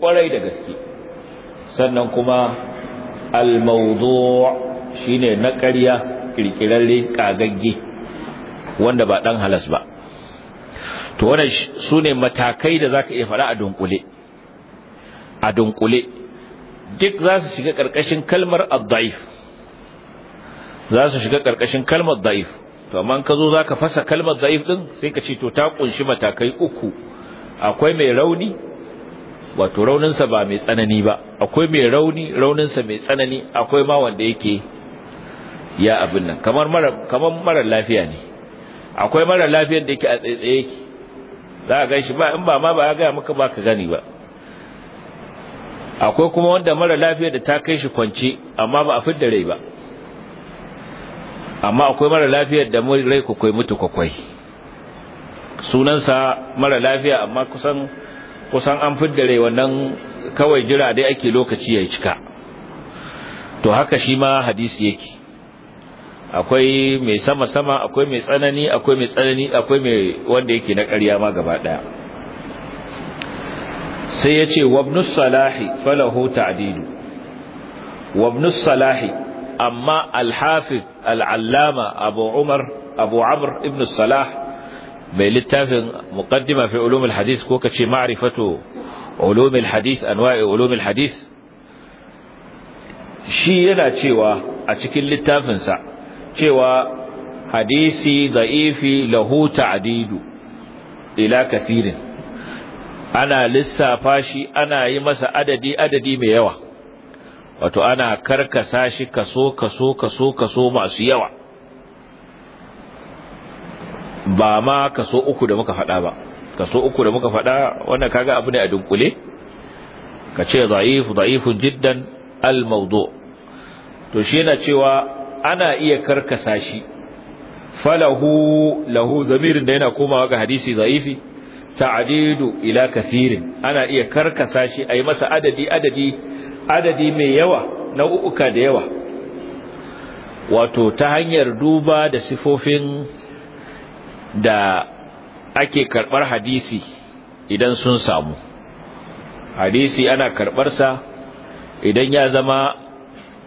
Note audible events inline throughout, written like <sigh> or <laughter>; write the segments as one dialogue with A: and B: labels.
A: kwarai da gaske sannan kuma al-mawdu' shine na ƙarya kirkirarre ƙagagge, wanda ba ɗan halas ba to wannan sune matakai da zaka iya fara a dunkule a dunkule duk za su shiga karkashin kalmar ad za su shiga ƙarƙashin kalmar da'if to amma ka zo zaka fasa kalmar da'if ɗin, sai ka ce to ta ƙunshi matakai uku akwai mai rauni wato rauninsa ba mai tsanani ba akwai mai rauni rauninsa mai tsanani akwai ma wanda yake ya abin nan kamar mara kamar mara lafiya ne akwai mara lafiyar da yake a tsaitsaye yake za ka ganshi ba in ba ma ba ga maka ba ka gani ba akwai kuma wanda mara lafiyar da ta kai shi kwance amma ba a fidda rai ba amma akwai mara lafiyar da mai rai kwakwai mutu kwakwai sunansa mara lafiya amma kusan kusan an fidda rai wannan kawai jira dai ake lokaci ya cika to haka shi ma hadisi yake akwai mai sama sama akwai mai tsanani akwai mai tsanani akwai mai wanda yake na ƙarya ma gaba ɗaya sai yace wabnus salahi falahu ta'dilu wabnus salahi amma al-hafiz al-allama abu umar abu amr ibn salah mai littafin muqaddima fi ulumul hadis ko kace ma'rifatu ulumul hadis anwa'i ulumul hadis shi yana cewa a cikin littafinsa cewa hadisi da'ifi lahu ta'didu ila kathirin ana lissafa shi ana yi masa adadi adadi mai yawa wato ana karkasa shi kaso kaso kaso kaso masu yawa ba ma kaso uku da muka faɗa ba kaso uku da muka faɗa wannan kaga abu ne a dunkule ka ce da'if da'ifun jiddan al-mawdu to shi yana cewa ana iya karkasa shi falahu lahu zamirin da yana komawa ga hadisi da'ifi ta'didu ila kathirin ana iya karkasa shi ayi masa adadi adadi adadi mai yawa nau'uka da yawa wato ta hanyar duba da sifofin da ake karɓar hadisi idan sun samu hadisi ana karɓarsa idan ya zama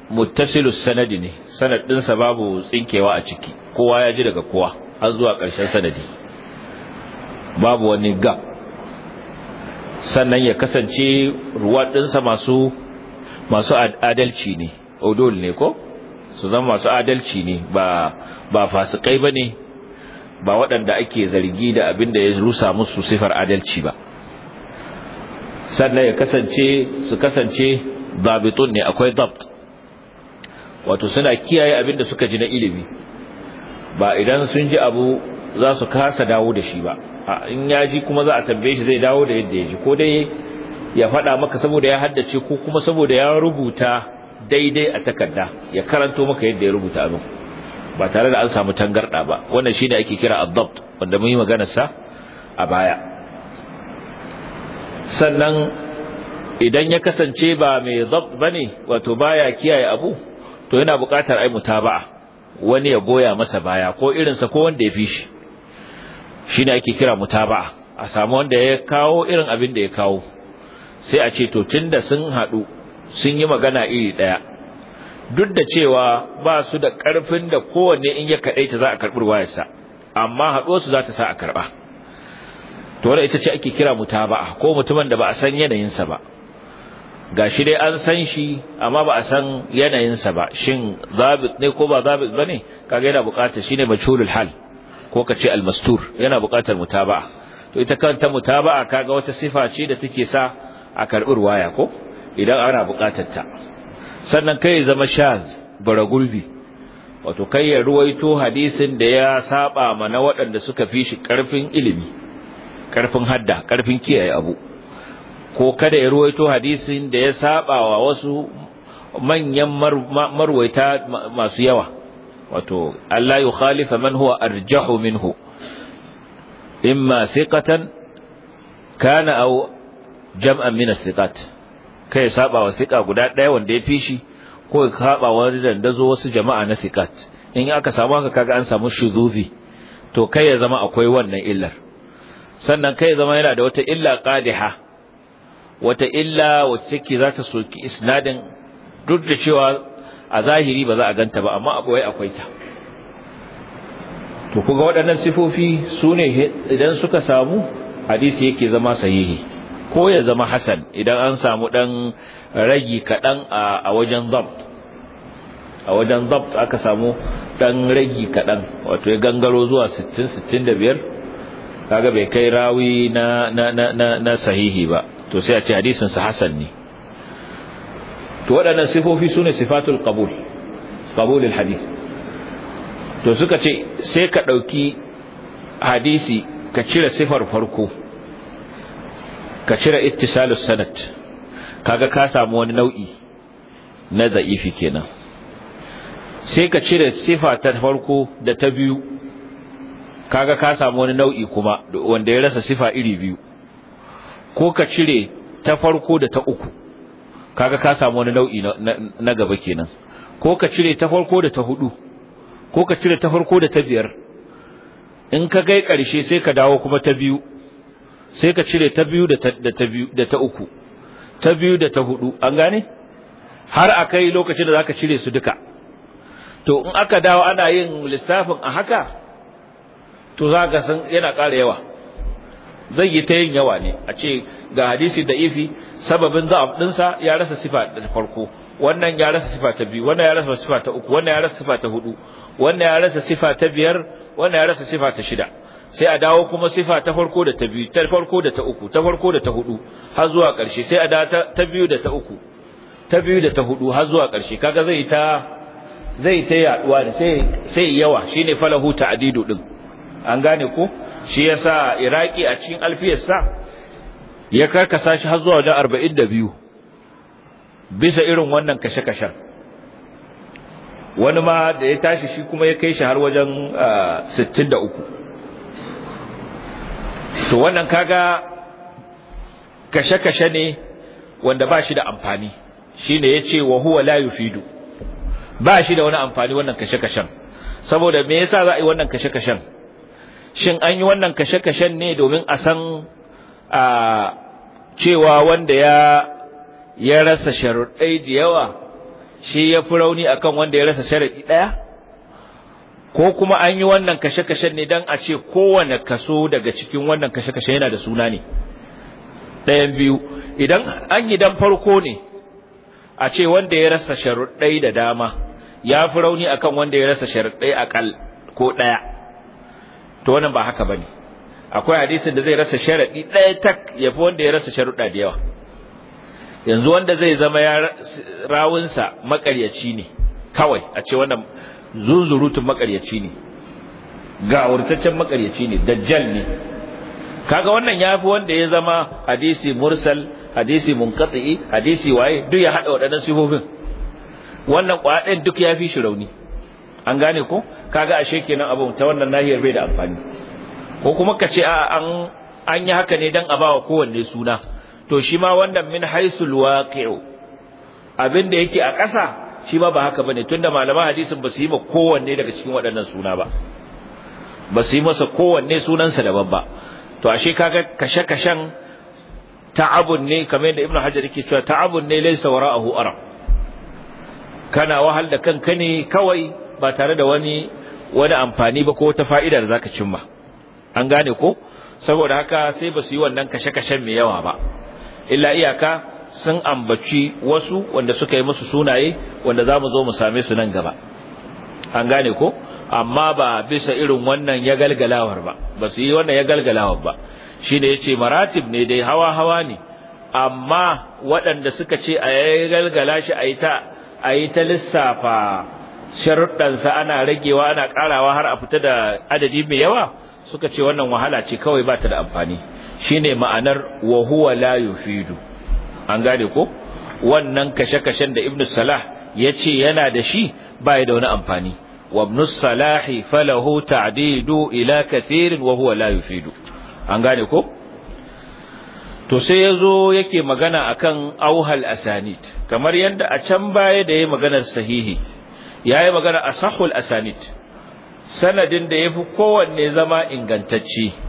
A: muttasilus sanadi ne sanad ɗinsa babu tsinkewa a ciki kowa ya ji daga kowa har zuwa ƙarshen sanadi babu wani ga. sannan ya kasance ruwa ɗinsa masu masu adalci ne odol ne ko su zama masu adalci ne ba ba fasikai bane ba waɗanda ake zargi da abin da ya rusa musu sifar adalci ba sannan ya kasance su kasance zabitun ne akwai zabt wato suna kiyaye abin da suka ji na ilimi ba idan sun ji abu za su kasa dawo da shi ba in ya ji kuma za a tambaye shi zai dawo da yadda ya ji ko dai ya faɗa maka saboda ya haddace ko kuma saboda ya rubuta daidai a takarda ya karanto maka yadda ya rubuta abin ba tare da an samu tangarda ba wannan shine ake kira ad wanda mun yi maganar sa a baya sannan idan ya kasance ba mai dabt bane wato baya kiyaye abu to yana buƙatar ai mutaba'a wani ya goya masa baya ko irin sa ko wanda ya fi shi shine ake kira mutaba'a a samu wanda ya kawo irin abin da ya kawo sai a ce to tunda sun haɗu sun yi magana iri ɗaya duk da cewa ba su da ƙarfin da kowanne in ya kaɗai ta za a karɓi ruwayarsa amma haɗuwarsu za ta sa a karɓa to wani ita ce ake kira mutaba'a ko mutumin da ba a san yanayinsa ba ga shi dai an san shi amma ba a san yanayinsa ba shin zabit ne ko ba zabit ba ne kaga yana buƙatar shi ne majhulul hal ko ka ce almastur yana buƙatar mutaba'a to ita kanta mutaba'a kaga wata sifa ce da take sa a karɓi waya ko idan ana buƙatar ta sannan kai zama shaz bara gulbi wato kai ya ruwaito hadisin da ya saba mana waɗanda suka fi shi ƙarfin ilimi ƙarfin hadda ƙarfin kiyaye abu ko kada ya ruwaito hadisin da ya saba wa wasu manyan marwaita masu yawa wato Allah ya khalifa man huwa arjahu minhu imma thiqatan kana aw jam'an min as siqat kai ya saba wa sika guda ɗaya wanda ya fi shi ko ya saba wani dandazo wasu jama'a na sikat in aka samu haka kaga an samu shuzuzi to kai ya zama akwai wannan illar sannan kai ya zama yana da wata illa qadiha wata illa wacce take za ta soki isnadin duk da cewa a zahiri ba za a ganta ba amma akwai akwai ta to kuga waɗannan sifofi su ne idan suka samu hadisi yake zama sahihi ko ya zama hasan idan an samu dan ragi kadan a wajen zabt a wajen dabt aka samu dan ragi kaɗan wato ya gangaro zuwa 60 65 kaga bai kai rawi na na na na sahihi ba to sai a ce hadisin sa hasan ne to waɗannan sifofi sune sifatul qabul qabulul hadis to suka ce sai ka ɗauki hadisi ka cire sifar farko ka cire ittisalus sanad kaga ka samu wani nau'i na da'ifi kenan sai ka cire sifa ta farko da ta biyu kaga ka samu wani nau'i kuma wanda ya rasa sifa iri biyu ko ka cire ta farko da ta uku kaga ka samu wani nau'i na gaba kenan ko ka cire ta farko da ta hudu ko ka cire ta farko da ta biyar in ka gai ƙarshe sai ka dawo kuma ta biyu sai ka cire ta biyu da ta uku ta biyu da ta hudu an gane har a kai lokacin da za ka cire su duka to in aka dawo ana yin lissafin a haka to za ka san yana ƙara yawa zai yi ta yin yawa ne a ce ga hadisi da ifi sababin za'af ɗinsa ya rasa sifa da farko wannan ya rasa sifa ta biyu wannan ya rasa sifa ta uku wannan ya rasa sifa ta hudu wannan ya rasa sifa ta biyar wannan ya rasa sifa ta shida sai a dawo kuma sifa ta farko da ta biyu ta farko da ta uku ta farko da ta hudu har zuwa ƙarshe sai a dawo ta biyu da ta uku ta biyu da ta hudu har zuwa ƙarshe kaga zai ta zai ta yaduwa da sai sai yawa shine falahu ta'didu din an gane ko shi yasa iraki a cikin alfiyar sa ya karkasa shi har zuwa wajen 42 bisa irin wannan kashe-kashen wani ma da ya tashi shi kuma ya kai shi har wajen 63 ah, to wannan kaga kashe-kashe ne wanda ba shi da amfani shine yace wa huwa la yufidu ba shi da wani amfani wannan kashe-kashen saboda me yasa za a yi wannan kashe-kashen shin an yi wannan kashe-kashen ne domin a san a cewa wanda ya ya rasa sharuɗai da yawa shi ya fi rauni akan wanda ya rasa sharaɗi ɗaya ko kuma an yi wannan kashe-kashen ne don a ce kowane kaso daga cikin wannan kashe-kashe yana da suna ne ɗayan biyu idan an yi dan farko ne a ce wanda ya rasa sharuɗai da dama ya fi rauni akan wanda ya rasa sharuɗai akal ko ɗaya to wannan ba haka ba ne. akwai hadisin da zai rasa sharaɗi ɗaya tak ya fi wanda ya rasa sharuɗa da yawa yanzu wanda zai zama ya rawunsa makaryaci ne kawai a ce wannan zunzurutun makaryaci ne ga wurtaccen makaryaci ne dajjal ne kaga wannan yafi wanda ya zama hadisi mursal hadisi munqati hadisi waye duk ya hada wadannan sifofin wannan kwaɗin duk yafi shi rauni an gane ko kaga ashe kenan abu ta wannan nahiyar bai da amfani ko kuma ka ce an an yi haka ne dan a bawa kowanne suna to shi ma wannan min haisul waqi'u abin yake a ƙasa shi ma ba haka bane tunda malaman hadisin ba su yi ba kowanne daga cikin waɗannan suna ba ba su yi masa kowanne sunansa daban ba to ashe kaga kashe-kashen ta'abun ne kamar yadda ibnu hajar yake cewa ta'abun ne laysa wara'ahu aram kana wahal da kanka ne kawai ba tare da wani wani amfani ba ko wata fa'ida da zaka cimma an gane ko saboda haka sai ba su yi wannan kashe-kashen mai yawa ba illa iyaka sun ambaci wasu wanda suka yi musu sunaye wanda za mu zo mu same su nan gaba an gane ko amma ba bisa irin wannan ya galgalawar ba ba su yi wannan ya galgalawar ba shi ne ya ce maratib ne dai hawa hawa ne amma waɗanda suka ce a ya galgala shi a yi ta a yi ta lissafa sharuɗansa ana ragewa ana ƙarawa har a fita da adadi mai yawa suka ce wannan wahala ce kawai ba ta da amfani shine ma'anar wa huwa la an gane ko wannan kashe-kashen da ibn salah ya ce yana da shi ba da wani amfani wa ibn salahi falahu ta'didu ila kathirin wa huwa la yufidu an gane ko to sai yazo yake magana akan auhal asanid kamar yadda a can baya da yayi maganar sahihi yayi magana asahul asanid sanadin da yafi kowanne zama ingantacce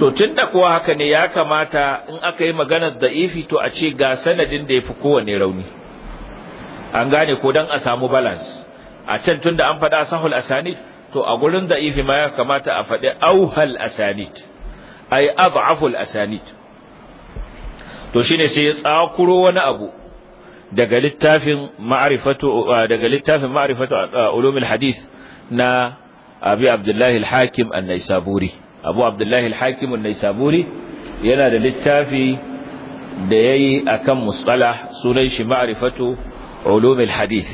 A: to tun da kuwa haka ne ya kamata in aka yi maganar da'ifi to a ce ga sanadin da ya fi kowane rauni an gane ko don a samu balance a can tun da an faɗa sahul asanit to a gurin da'ifi ma ya kamata a faɗi auhal asanit ai ad'aful asanit to shine sai ya tsakuro wani abu daga littafin ma'arifatu daga littafin hadith na abi abdullahi al-hakim an-naisaburi abu abdullahi al-hakim an-naisaburi yana da littafi da yayi akan mustalah sunan shi ma'rifatu ulum al-hadith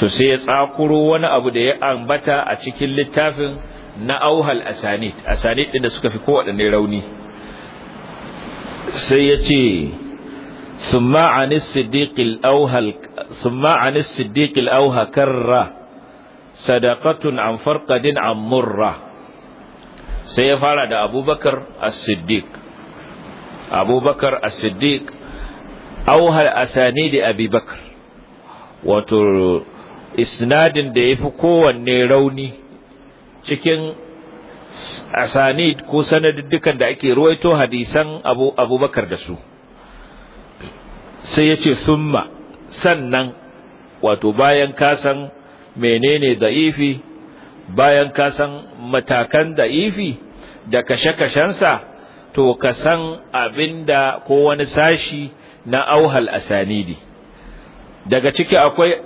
A: to sai ya tsakuro wani abu da ya ambata a cikin littafin na auhal asanid asanid din da suka fi kowaɗanne rauni sai ya ce thumma anis siddiqil auhal thumma anis siddiqil auha karra sadaqatun an murra sai ya fara da abubakar as-siddiq abubakar as-siddiq a asani da abubakar wato isnadin da ya fi kowanne rauni cikin asani ko sanadiddukan da ake ruwaito hadisan abubakar da su sai ya ce summa sannan wato bayan kasan menene da'ifi bayan ka san matakan da ifi da kashe-kashensa to ka san abinda ko wani sashi na auhal asanidi daga ciki akwai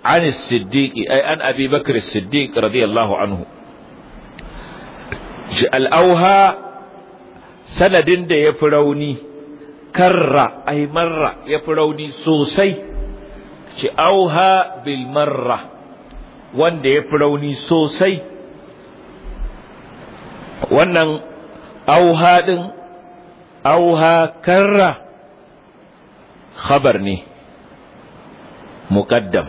A: anis siddiqi ai an abi bakr siddiq radiyallahu anhu al'auha sanadin da ya fi rauni karra ai marra ya fi rauni sosai ci auha bil marra wanda ya fi rauni sosai wannan auha ɗin auha karra khabar ne muqaddam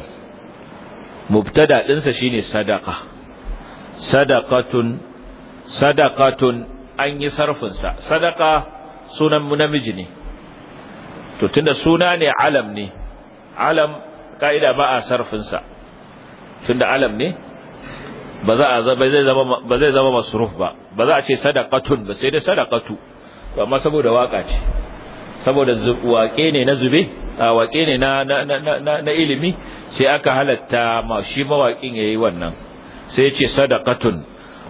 A: mubtada ɗinsa shine sadaka sadaqatun sadaqatun an yi sarfinsa sadaka sunan namiji ne to tunda suna ne alam ne alam ka'ida ba a sarfinsa tunda alam ne ba za a ba zai zama masruf ba ba za a ce sadaqatun ba sai dai sadaqatu amma saboda waka ce saboda waƙe ne na zube waƙe ne na na ilimi sai aka halatta ma shi mawaƙin yayi wannan sai ya ce sadaqatun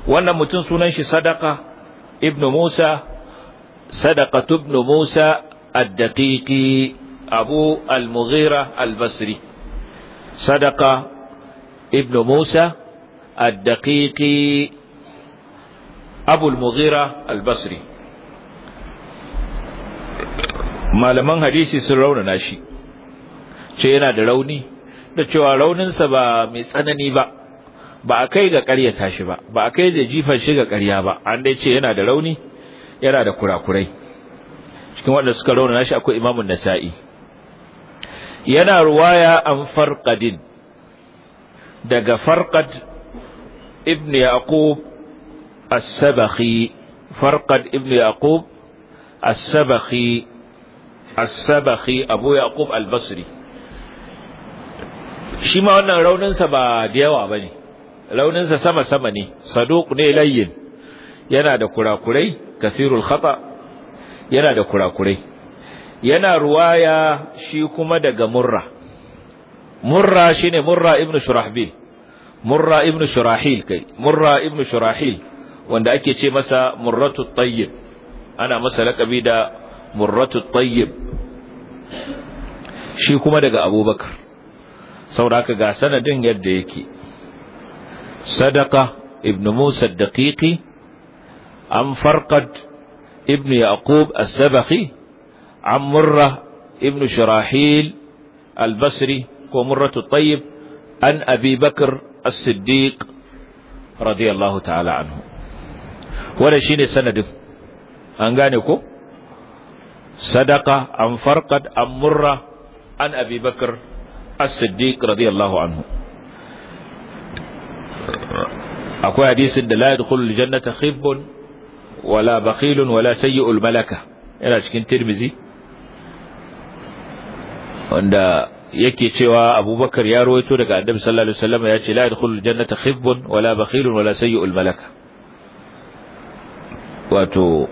A: wannan mutum sunan shi sadaqa ibnu musa sadaqatu ibnu musa ad-daqiqi abu al-mughira al-basri sadaqa ابن Musa ad-Daqiqi المغيرة البصري ما al حديثي malaman hadisi sun raunana shi ce سبا da rauni da cewa rauninsa ba mai tsanani ba ba a kai ga ta shi ba ba a kai da jifan shi ga ƙarya ba an dai ce yana da rauni yana da kurakurai cikin wanda suka rauna shi akwai imamun nasa'i yana ruwaya an farqadin daga farqad ibn yaqub as-sabakhi farqad ibn yaqub as-sabakhi as-sabakhi abu yaqub al-basri shi ma wannan rauninsa ba da yawa ne. rauninsa sama sama ne saduq ne layyin yana da kurakurai kathirul khata yana da kurakurai yana ruwaya shi kuma daga murra murra shine murra ibn shurahbil murra ibn shurahil kai murra ibn shurahil wanda ake ce masa murratu tayyib ana masa laƙabi da murratu tayyib shi kuma daga abubakar sauraka ga sanadin yadda yake sadaka ibn musa daqiqi an farqad ibn yaqub as sabahi an murra ibn shurahil al-basri ومرة الطيب عن أبي بكر الصديق رضي الله تعالى عنه ولا شيني سند أنغانيكو صدقة أم فرقد أم مرة عن أبي بكر الصديق رضي الله عنه أكو حديث لا يدخل الجنة خب ولا بخيل ولا سيء الملكة إلى شكين ترمزي عند yake cewa abubakar ya rawaito daga annabi sallallahu alaihi wasallam ya ce la yadkhulu aljannata khibbun wala bakhilun wala sayyi'ul malaka wato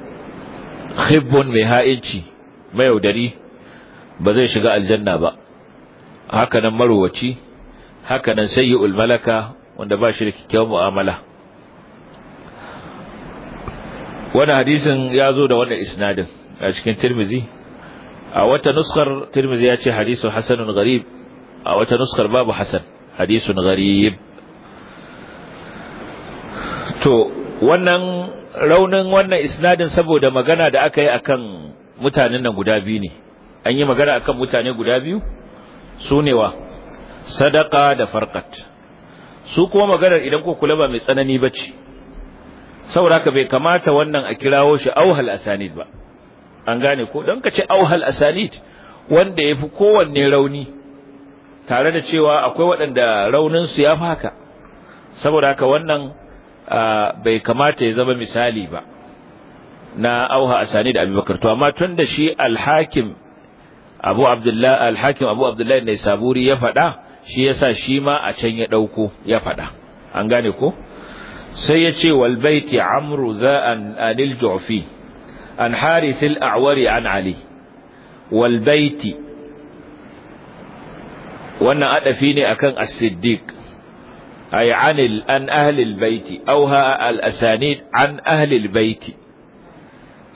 A: khibbun mai ha'inci mai yaudari ba zai shiga aljanna ba haka nan marwaci haka nan sayyi'ul malaka wanda ba shi da kyakkyawar mu'amala wannan hadisin ya zo da wannan isnadin a cikin tirmidhi a wata nuskar tirmidhi ya ce hadisu hasanun Garib a wata nuskar babu hasan hadisun Garib to wannan raunin wannan isnadin saboda magana da aka yi akan mutanen nan guda biyu ne an yi magana akan mutane guda biyu su ne wa sadaka da farkat su kuma maganar idan ko kula ba mai tsanani ba ce saboda ka bai kamata wannan a kirawo shi auhal asanid ba an gane ko don ka ce auhal asanid wanda ya fi kowanne rauni tare da cewa akwai waɗanda rauninsu ya fi haka saboda haka wannan bai kamata ya zama misali ba na auha asani da abubakar to amma tun da shi alhakim abu abdullahi alhakim abu abdullahi ne saburi ya faɗa shi sa shi ma a can ya ɗauko ya faɗa an gane ko sai ya ce walbaiti amru za an anil ju'fi an harith al-a'wari an ali wal wannan adafi ne akan as-siddiq ay an an ahli al-baiti awha al-asanid an ahli al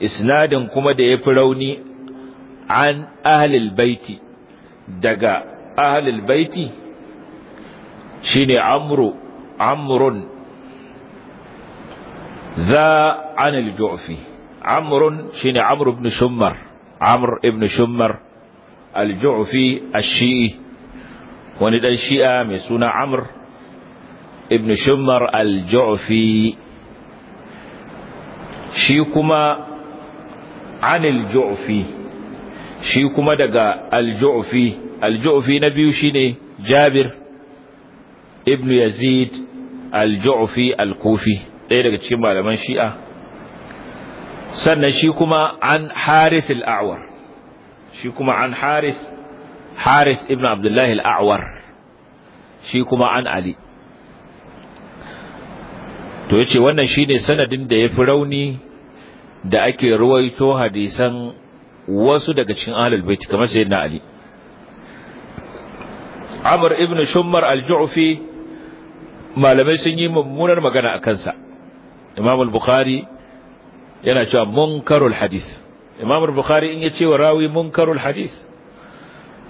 A: isnadin kuma da yafi rauni an ahli al-baiti daga ahli al-baiti shine amru amrun za an al amrun shine amr ibn shummar amr ibn shummar al-ju'fi ash-shi'i wani dan shi'a mai suna amr ibn shummar al-ju'fi shi kuma anil ju'fi shi kuma daga al-ju'fi al-ju'fi na biyu shine jabir ibn yazid al-ju'fi al-kufi ɗaya daga cikin malaman shi'a sannan shi kuma an haris al shi kuma an haris haris ibn abdullah al shi kuma an ali to yace wannan shine sanadin da ya fi rauni da ake ruwaito hadisan wasu daga cikin ahlul baiti kamar na ali amr ibn shummar al-ju'fi malamai sun yi mummunar magana a kansa imam al-bukhari yana cewa munkarul hadis imamu bukhari in ya ce wa rawi munkarul hadis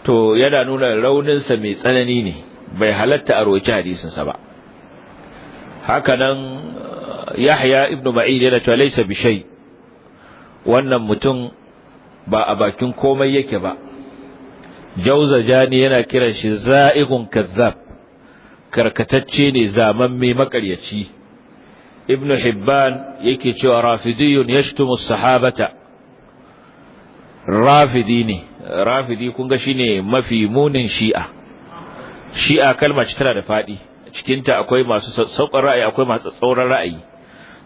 A: to yana nuna sa mai tsanani ne bai halatta a hadisin sa ba haka nan uh, yahya ibnu ma'in yana cewa laysa bi shay wannan mutum ba a bakin komai yake ba jauza jani yana kiran shi za'iqun kazzab karkatacce ne zaman mai makaryaci ibn hibban yake cewa rafidiyun yashtumu sahabata rafidi ne rafidi kunga ga shine mafi munin shi'a shi'a kalma ce tana da faɗi. cikinta akwai masu saukar ra'ayi akwai masu tsauran ra'ayi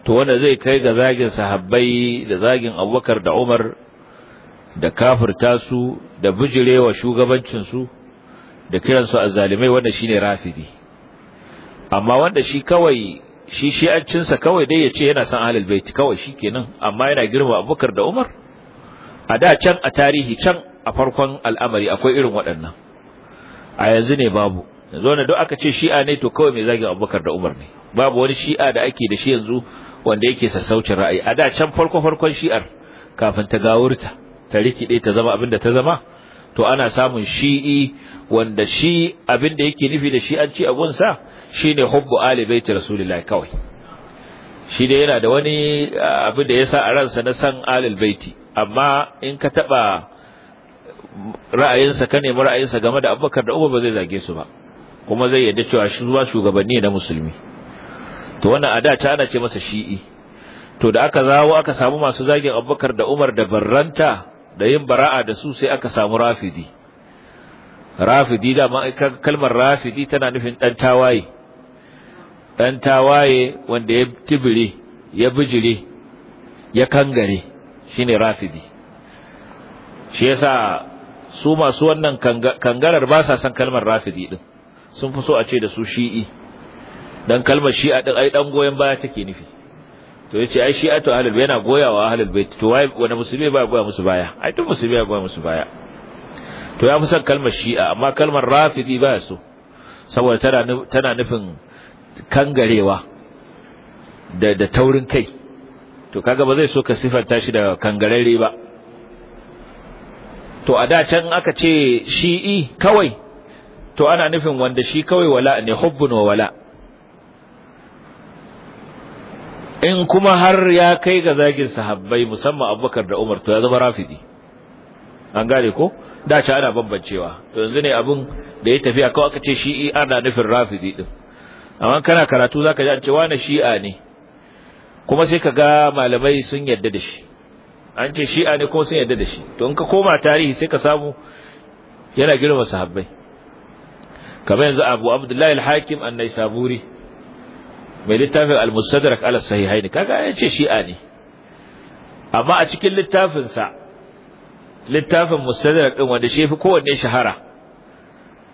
A: to wanda zai kai ga zagin sahabai da zagin abubakar da umar da kafirta su da bijirewa shugabancinsu da kiransu a zalimai wanda shine rafidi amma wanda shi kawai shi shi'ancinsa kawai dai ya ce yana son ahlul bait kawai shikenan amma yana girma Abubakar da Umar a da can a tarihi can a farkon al'amari akwai irin waɗannan a yanzu ne babu yanzu wanda duk aka ce shi'a ne to kawai mai zagin Abubakar da Umar ne babu wani shi'a da ake da shi yanzu wanda yake sassaucin ra'ayi a da can farko farkon shi'ar kafin ta gawurta ta rikide ta zama abin da ta zama to ana samun shi'i wanda shi abin da yake nufi da shi'anci gunsa shine hubbu ali baiti rasulullahi kawai shi dai yana da wani abu da yasa a ransa na san alil baiti amma in ka taba ra'ayinsa ka nemi ra'ayinsa game da abubakar da umar ba zai zage su ba kuma zai yadda cewa shi zuwa shugabanni na musulmi to wannan a da ta ana ce masa shi'i to da aka zawo aka samu masu zagin abubakar da umar da barranta da yin bara'a da su sai aka samu rafidi rafidi da ma kalmar rafidi tana nufin dan tawaye ɗan tawaye wanda ya tibire ya bijire ya kangare shine rafidi shi yasa su masu wannan kangarar ba sa son kalmar rafidi din sun fi so a ce da su shi'i dan kalmar shi'a din ai dan goyen baya take nufi to yace ai shi'a to ahlul yana goyawa ahlul bait to wai wani musulmi ba goya musu baya ai duk musulmi ba goya musu baya to ya fi son kalmar shi'a amma kalmar rafidi ba so saboda tana tana nufin kangarewa da da taurin kai to kaga ba zai so ka sifanta shi da kangarare ba to a da can aka ce shi'i kawai to ana nufin wanda shi kawai wala ne hubbun wa wala in kuma har ya kai ga zagin sahabbai musamman abubakar da umar to ya zama rafidi an gane ko da ana bambancewa to yanzu ne abin da ya tafi a kawai aka ce shi'i ana nufin rafidi din amma kana karatu zaka ji an ce wani shi'a ne kuma sai ka ga malamai sun yarda da shi an ce shi'a ne kuma sun yarda da shi to in ka koma tarihi sai ka samu yana girma sahabbai kamar yanzu Abu Abdullahi al-Hakim an-Naisaburi mai littafin al-Mustadrak ala sahihain kaga an ce shi'a ne amma a cikin littafinsa littafin Mustadrak din wanda shi fi kowanne shahara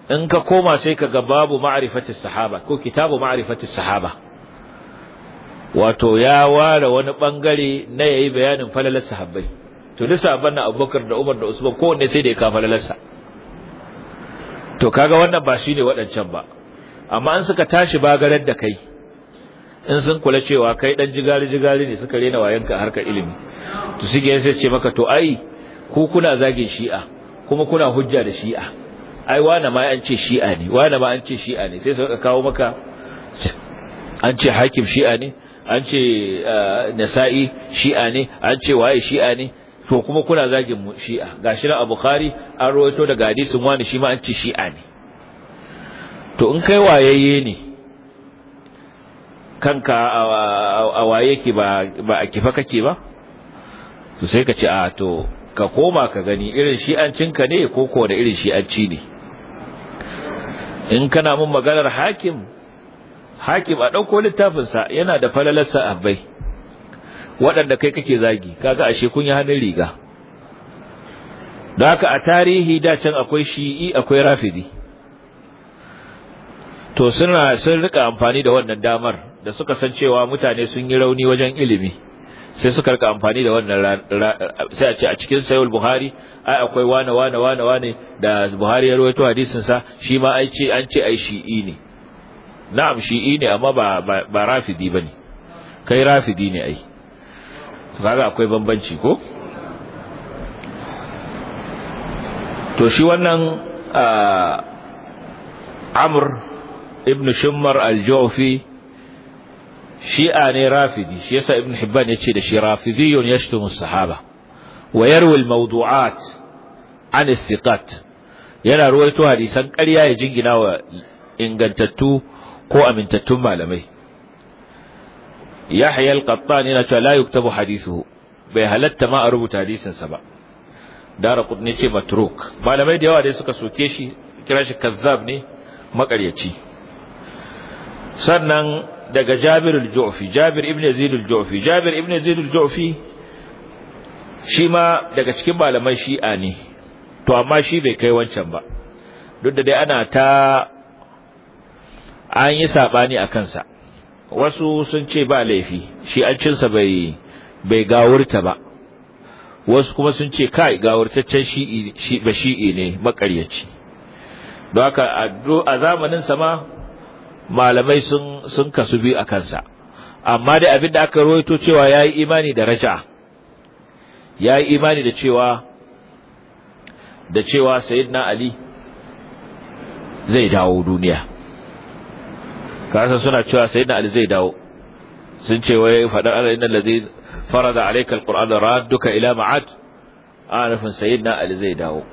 A: in ka koma sai ka ga babu ma'rifatis sahaba ko kitabu ma'rifatis sahaba wato ya ware wani bangare na yayi bayanin falalar sahabbai to duk sahabban Abubakar da Umar da Usman ko wanne sai da ya kafa falalarsa to kaga wannan ba shine wadancan ba amma an suka tashi bagarar da kai in sun kula cewa kai dan jigari jigari ne suka rena wayanka harkar ilimi to sike sai ce maka to ai ku kuna zagin shi'a kuma kuna hujja da shi'a ai wane ma an ce shi'a ne wane ma an ce shi'a ne sai suka kawo maka an ce hakim shi'a ne an ce eh, nasa'i shi'a ne an ce waye shi'a ne to kuma kuna zagin mu shi'a gashi na bukhari an rawaito daga hadisin wani shi ma an ce shi'a ne to in kai wayayye ne kanka a waye ke ba a kifa kake ba to sai ka ce a ah, to ka koma ka gani irin shi'ancinka ne ko ko da irin shi'anci ne in kana mun maganar hakim hakim a ɗauko littafinsa yana da falalar abai waɗanda kai kake zagi kaga ashe kun yi hannun riga Daka a tarihi da can akwai shi'i akwai rafidi to suna sun rika amfani da wannan damar da suka san cewa mutane sun yi rauni wajen ilimi sai suka rika amfani da wannan sai a ce a cikin sayul buhari ai akwai wane wane wane wane da buhari ya rawaito hadisin sa shi ma ai ce an ce ai shi'i ne na'am shi'i ne amma ba ba rafidi bane kai rafidi ne ai to kaga akwai bambanci ko to shi wannan ah, amr ibn shummar al-jawfi shi'a ne rafidi shi yasa ibn hibban yace da shi rafidiyun yashtumu sahaba wa yarwi al an istiqat yana ruwaito hadisan ƙarya ya jingina wa ingantattu ko amintattun malamai yahya al yana cewa la yuktabu hadithuhu bai halatta ma a rubuta sa ba daraqutni ce matruk malamai da yawa dai suka soke shi kira shi kazzab ne makaryaci sannan daga Jabir al-Ju'fi Jabir ibn Yazid al-Ju'fi Jabir ibn Yazid al-Ju'fi shi ma daga cikin malaman Shi'a ne to amma shi bai kai wancan ba duk da dai ana ta an yi sabani a kansa wasu sun ce ba laifi shi an cinsa bai bai gawurta ba wasu kuma sun ce kai gawurtaccen shi'i shi ba shi'i ne makaryaci don haka a zamanin sama malamai sun sun kasu bi a kansa amma dai abin da aka rawaito cewa yayi imani da raja yayi imani da cewa da cewa sayyidina ali zai dawo duniya kasa suna cewa sayyidina ali zai dawo sun ce wai fadar Allah innal ladzi farada alayka alquran radduka ila ma'ad anafin sayyidina ali zai dawo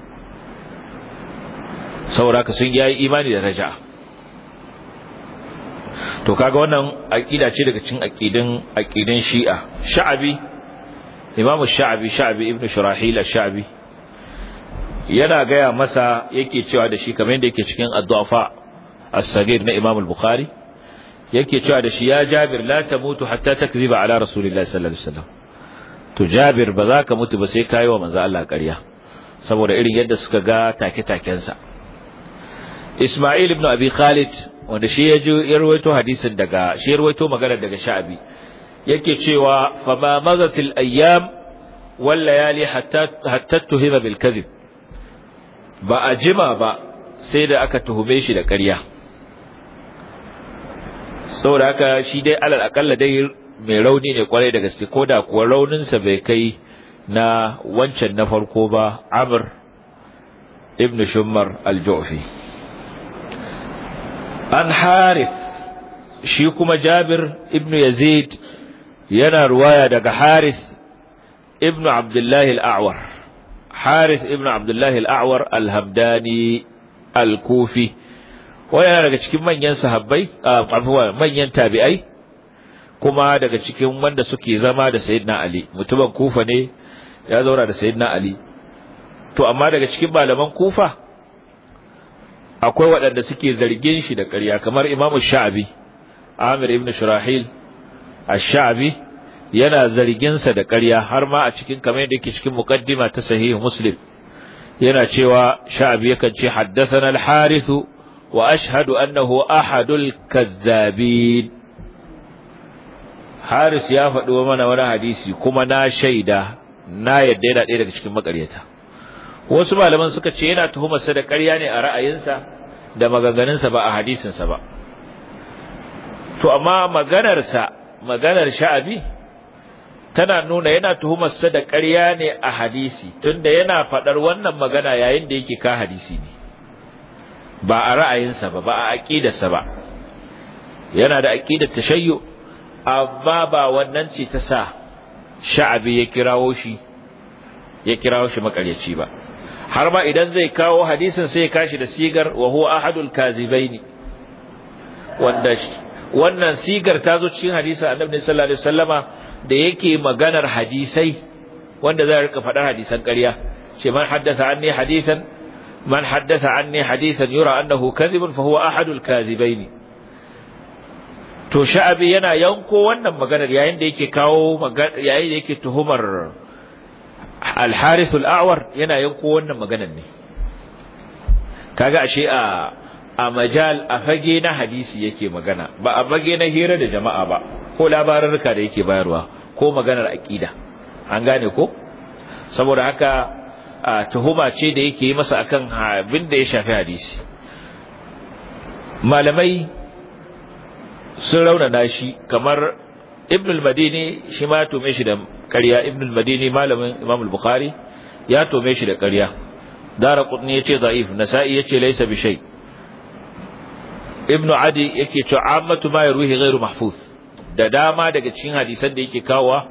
A: saboda ka sun yayi imani da raja'a to kaga wannan aqida ce daga cikin aqidan aqidan Shi'a Sha'abi Imam Sha'abi Sha'abi ibn Shurahil Sha'abi yana gaya masa yake cewa da shi kamar yadda yake cikin Ad-Du'afa As-Sagir na Imam Al-Bukhari yake cewa da shi ya Jabir la tamutu hatta takziba ala Rasulillahi sallallahu alaihi wasallam to Jabir ba za ka mutu ba sai kayi wa manzo Allah ƙarya saboda irin yadda suka ga take-takensa Ismail ibn Abi Khalid wanda shi ya ji yarwaito hadisin daga shi ya yarwaito magana daga sha'abi yake cewa fama mazatil ayyam wal layali hatta hatta tuhima bil kadhib ba a jima ba sai da aka tuhume shi da ƙarya saboda haka shi dai alal akalla dai mai rauni ne kwarai da gaske ko da kuwa rauninsa bai kai na wancan na farko ba amr ibn Shumar al-ju'fi an harith shi kuma jabir ibn yazid yana ruwaya daga harith ibn abdullahi al'awar harith ibn abdullahi al'awar al al-kufi waya daga cikin manyan sahabbai manyan tabi'ai kuma daga cikin wanda suke zama da sayyidina ali mutumin kufa ne ya zaura da sayyidina ali to amma daga cikin malaman kufa akwai waɗanda suke zargin shi da ƙarya kamar imamu sha'abi amir ibn shurahil ash-sha'abi yana zarginsa da ƙarya har ma a cikin kamar yadda yake cikin muqaddima ta sahih muslim yana cewa sha'abi yakan ce haddathana al-harith wa ashhadu annahu ahadul kazzabin ya faɗo mana wani hadisi kuma na shaida na yadda yana ɗaya daga cikin makaryata wasu malaman suka ce yana tuhumarsa da ƙarya ne a ra'ayinsa da maganganunsa ba a hadisinsa ba to amma maganarsa maganar sha'abi tana nuna yana tuhumarsa da ƙarya ne a hadisi tunda yana faɗar wannan magana yayin da yake ka hadisi ne ba a ra'ayinsa ba ba a aƙidarsa ba yana da aƙidar tashayyu amma ba wannan ce ta sa sha'abi ya kirawo shi ya kirawo shi makaryaci ba har ma idan zai kawo hadisin sai kashi da sigar wa huwa ahadul kadhibaini wanda wannan sigar ta zo cikin hadisin annabi sallallahu alaihi wasallama da yake maganar hadisai wanda zai rika faɗar hadisan ƙarya ce man haddasa anni hadisan man haddasa anni hadisan yura annahu kadhibun fa huwa ahadul kadhibaini to sha'abi yana yanko wannan maganar yayin da yake kawo yayin da yake tuhumar al awar yana yanko wannan maganar ne kaga ashe a a majal a fage na hadisi yake magana ba a fage na hira da jama'a ba ko labarurka da yake bayarwa ko maganar aqida an gane ko saboda haka tuhuma ce da yake yi masa akan abin da ya shafi hadisi malamai sun raunana shi kamar ibn al-madini shi ma tome shi da ƙarya ibn al-madini malamin imam al-bukhari ya tome shi da ƙarya daraqutni yace da'if nasa'i yace laysa bi shay ibn adi yake cewa ammatu ma yaruhi ghairu mahfuz da dama daga cikin hadisan da yake kawa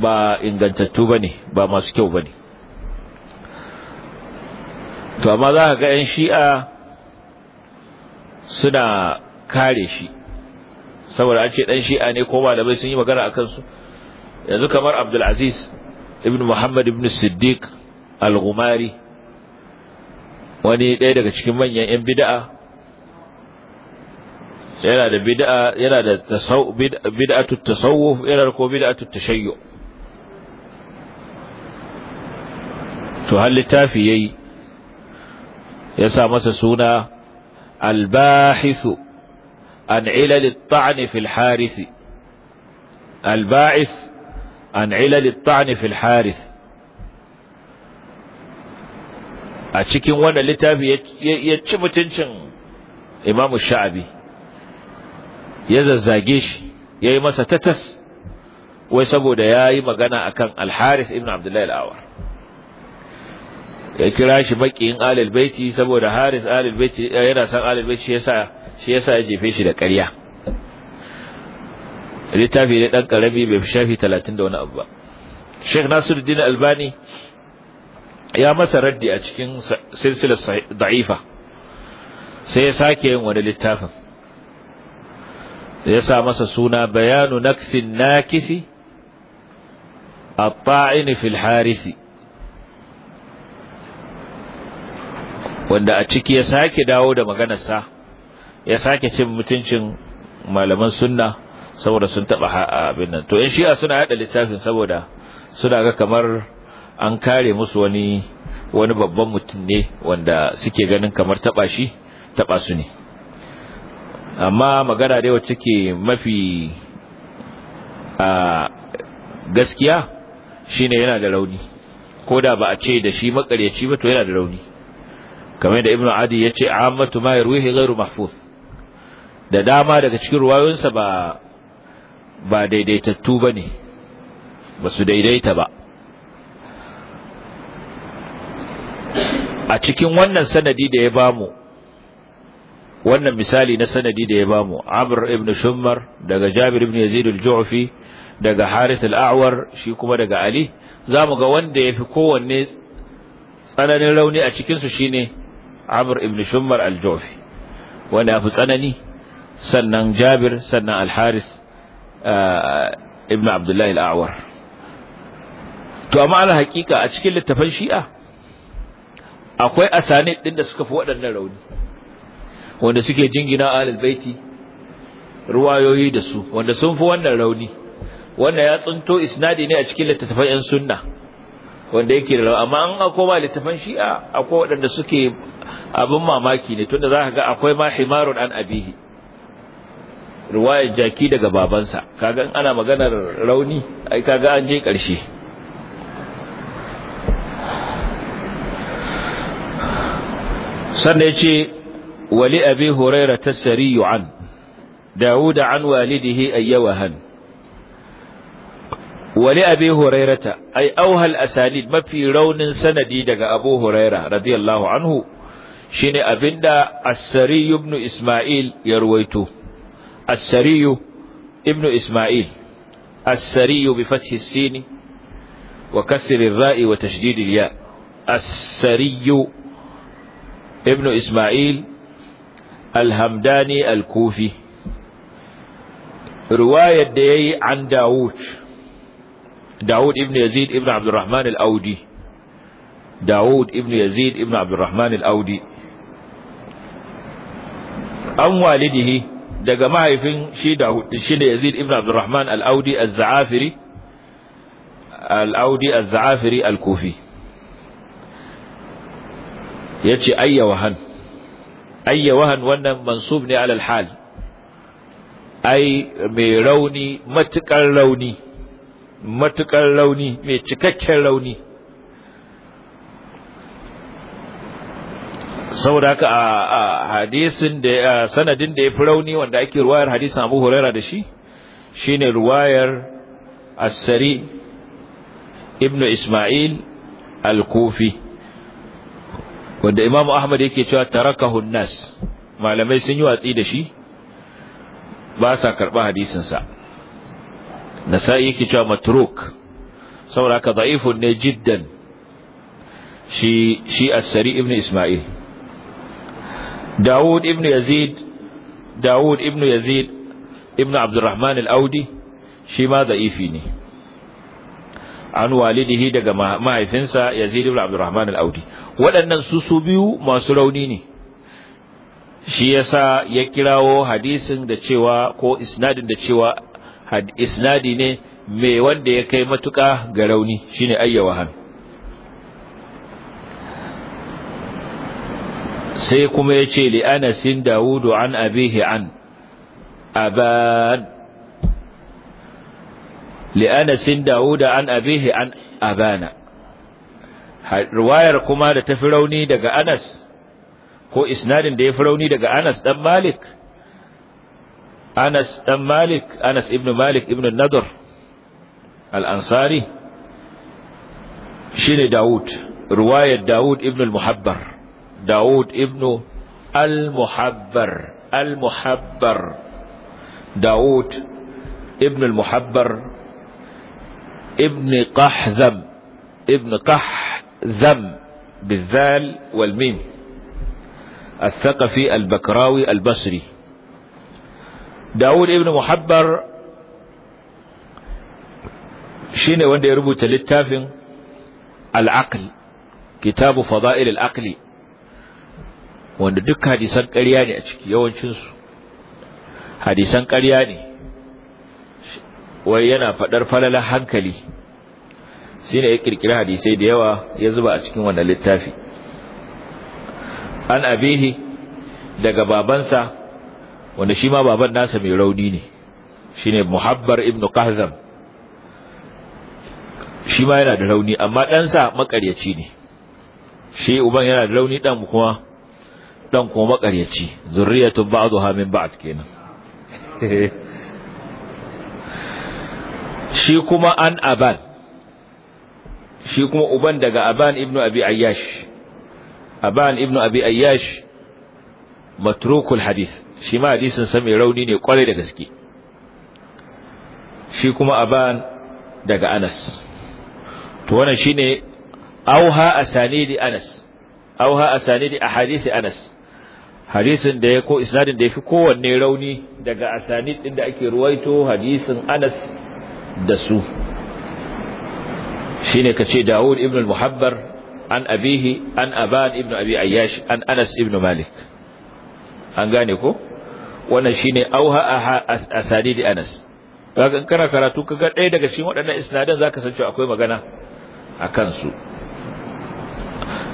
A: ba ingantattu bane ba masu kyau bane to amma za ka ga 'yan shi'a suna kare shi saboda an ce dan shi'a ne ko malamai sun yi magana a kansu yanzu kamar Abdul Aziz ibn Muhammad ibn Siddiq al-Ghumari wani ɗaya daga cikin manyan yan bida'a yana da bida'a yana da tasawuf tasawuf yana da ko bid'atu tashayyu to har littafi yayi ya sa masa suna al-bahithu عن علل الطعن في الحارث الباعث عن علل الطعن في الحارث أتشكين وانا لتابي يتشم تنشن إمام الشعبي يززاقيش يما ستتس ويسابو دياي مغانا أكان الحارث ابن عبد الله الأور يكراش مكين آل البيت يسبو دا حارث آل البيت ينا سان آل البيت يسا shi yasa ya jefe shi da ƙarya littafi ne ɗan ƙarami bai fi shafi talatin da wani abu ba sheikh nasiruddin albani ya masa raddi a cikin silsilar da'ifa sai ya sake yin wani littafin ya sa masa suna bayanu naksin nakisi الطاعن fil harisi wanda a ciki ya sake dawo da maganarsa ya sake cin mutuncin malaman sunna saboda sun taba abin nan to in shi'a suna yada littafin saboda suna ga kamar an kare musu wani wani babban mutum ne wanda suke ganin kamar taba shi taba su ne amma magana da wacce ke mafi a gaskiya shine yana da rauni ko da ba a ce da shi makaryaci ba to yana da rauni kamar da ibnu adi yace ammatu ma yarwihi ghairu mahfuz da dama daga cikin ruwayoyinsa ba ba daidaitattu ba ne ba su daidaita ba a cikin wannan sanadi da ya bamu wannan misali na sanadi da ya bamu Amr ibn Shummar daga Jabir ibn Yazid al-Ju'fi daga Harith al-A'war shi kuma daga Ali za mu ga wanda ya fi kowanne tsananin rauni a cikinsu shi shine Amr ibn Shummar al-Ju'fi wanda fi tsanani sannan jabir sannan al uh, ibn abdullahi al-a'war to amma ala hakika a cikin littafin shi'a akwai asanid din da suka fi waɗannan rauni wanda suke jingina ahlul baiti ruwayoyi da su wanda sun fi wannan rauni wanda ya tsunto isnadi ne a cikin littafin yan sunna wanda yake da amma an akoma littafin shi'a akwai waɗanda suke abin mamaki ne tunda za ka ga akwai ma himarun an abihi ruwayar jaki daga babansa kaga ana maganar rauni ai kaga an je ƙarshe sannan yace wali abi hurairah tasriyu an daud an walidihi ayyawahan wali abi hurairata ai auhal asalid mafi raunin sanadi daga abu huraira radiyallahu anhu shine abinda asari sari ibn isma'il ya ruwaito السري ابن إسماعيل السري بفتح السين وكسر الراء وتشديد الياء السري ابن إسماعيل الهمداني الكوفي رواية دي عن داود داود ابن يزيد ابن عبد الرحمن الأودي داود ابن يزيد ابن عبد الرحمن الأودي أم والده daga mahaifin shi da shi ne Yazid ibn Abdurrahman al-Audi az-Za'afiri al-Audi zaafiri al-Kufi yace ayya wahan ayya wahan wannan mansub ne alal hal ai mai rauni matukar rauni matukar rauni mai cikakken rauni saboda haka a hadisin da sanadin da ya fi rauni wanda ake ruwayar hadisin abu huraira da shi shine ruwayar asari ibnu isma'il al-kufi wanda imamu ahmad yake cewa tarakahu hunnas, malamai sun yi watsi da shi ba sa karɓa hadisinsa nasa'i yake cewa matruk saboda haka za'ifun ne jiddan shi assari asari ibnu isma'il Dawud ibn Yazid ibn Yazid al-Audi shi ma da'ifi ne an walidihi daga mahaifinsa Yazid ibn Abdurrahman al-Audi waɗannan su su biyu masu rauni ne shi yasa ya kirawo hadisin da cewa ko isnadin da cewa isnadi ne mai wanda ya kai matuƙa ga rauni shine ayyawahan sai kuma ya ce li anasin dawudu an abihi an aban li anasin dawuda an abihi an abana riwayar kuma da ta fi rauni daga anas ko isnadin da ya fi rauni daga anas dan malik anas dan malik anas ibn malik ibn nadar al-ansari shine dawud riwayar dawud ibn al-muhabbar داود ابن المحبر المحبر داود ابن المحبر ابن قحزم ابن قحزم بالذال والميم الثقفي البكراوي البصري داود ابن محبر شيني wanda ya تلتافن العقل كتاب فضائل العقل wanda duk hadisan ƙarya ne a ciki yawancinsu hadisan ƙarya ne wai yana faɗar falalar hankali shi ne ya ƙirƙiri hadisai da yawa ya zuba a cikin wannan littafi an abihi daga babansa wanda shi ma baban nasa mai rauni ne shi ne muhabbar ibn qahzam shi ma yana da rauni amma ɗansa makaryaci ne shi uban yana da rauni ɗan kuma dan kuma makaryaci zurriyatun ba'dha min ba'd kenan <laughs> shi kuma an aban shi kuma uban daga aban ibnu abi ayyash aban ibnu abi ayyash matrukul hadith shi ma hadisin sa mai rauni ne kwarai da gaske shi kuma aban daga anas to wannan shine auha asanidi anas auha asanidi ahadisi anas hadisin da ya ko isnadin da ya fi kowanne rauni daga asanid ɗin da ake ruwaito hadisin anas da su shine kace Dawud ibn al-Muhabbar an abihi an aban ibn abi ayyash an Anas ibn Malik an gane ko wannan shine auha asadidi Anas kaga in kana karatu kaga ɗaya daga cikin waɗannan za zaka san cewa akwai magana akan su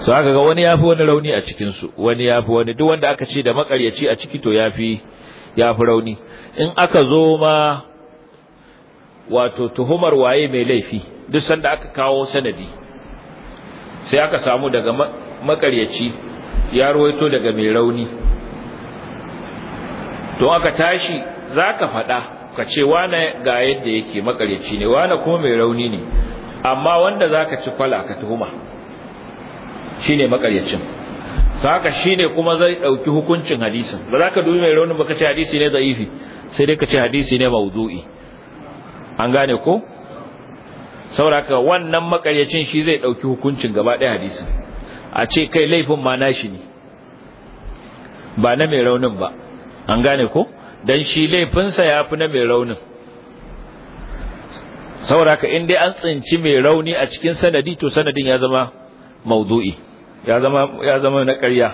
A: so aka ga wani yafi wani rauni a cikin su wani yafi wani duk wanda aka ce da makaryaci a ciki to yafi yafi rauni in aka zo ma wato tuhumar waye mai laifi duk sanda aka kawo sanadi sai aka samu daga makaryaci ya ruwaito daga mai rauni to aka tashi zaka faɗa ka ce wane ga yadda yake makaryaci ne wane kuma mai rauni ne amma wanda zaka ci kwala ka tuhuma shine makaryacin saka shine kuma zai dauki hukuncin hadisin ba za ka dubi mai raunin ba ka ce hadisi ne za'ifi sai dai ka ce hadisi ne mawdu'i an gane ko saboda haka wannan makaryacin shi zai dauki hukuncin gaba ɗaya hadisin a ce kai laifin ma nashi ne ba na mai raunin ba an gane ko dan shi laifinsa ya fi na mai raunin saboda haka in dai an tsinci mai rauni a cikin sanadi to sanadin ya zama maudu'i ya zama ya na ƙarya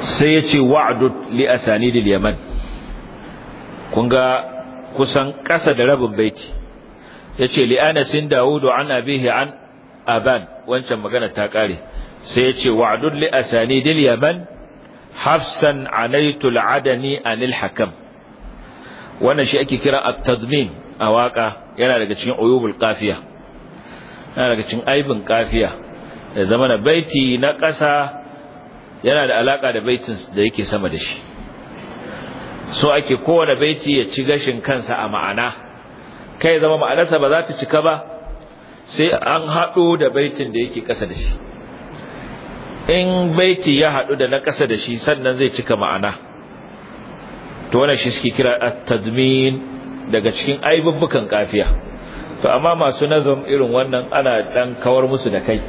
A: sai ya ce wa'dud li asanidil yaman kun ga kusan ƙasa da rabin baiti yace li li'anasin Dawudu an abihi an aban wancan magana ta ƙare. sai ya yace wa'adu li asanidil yaman hafsan alaitul adani anil hakam wannan shi ake kira at-tadmin a waƙa yana daga cikin uyubul qafiya na daga cikin aibin kafiya da zama na baiti na ƙasa yana da alaka da baitin da yake sama da shi so ake kowane baiti ya ci gashin kansa a ma'ana kai zama ma'anarsa ba za ta cika ba sai an haɗu da baitin da yake ƙasa da shi in baiti ya haɗu da na ƙasa da shi sannan zai cika ma'ana to wannan shi suke kira a tadmin daga cikin aibubbukan kafiya to amma masu nazam irin wannan ana dan kawar musu da kai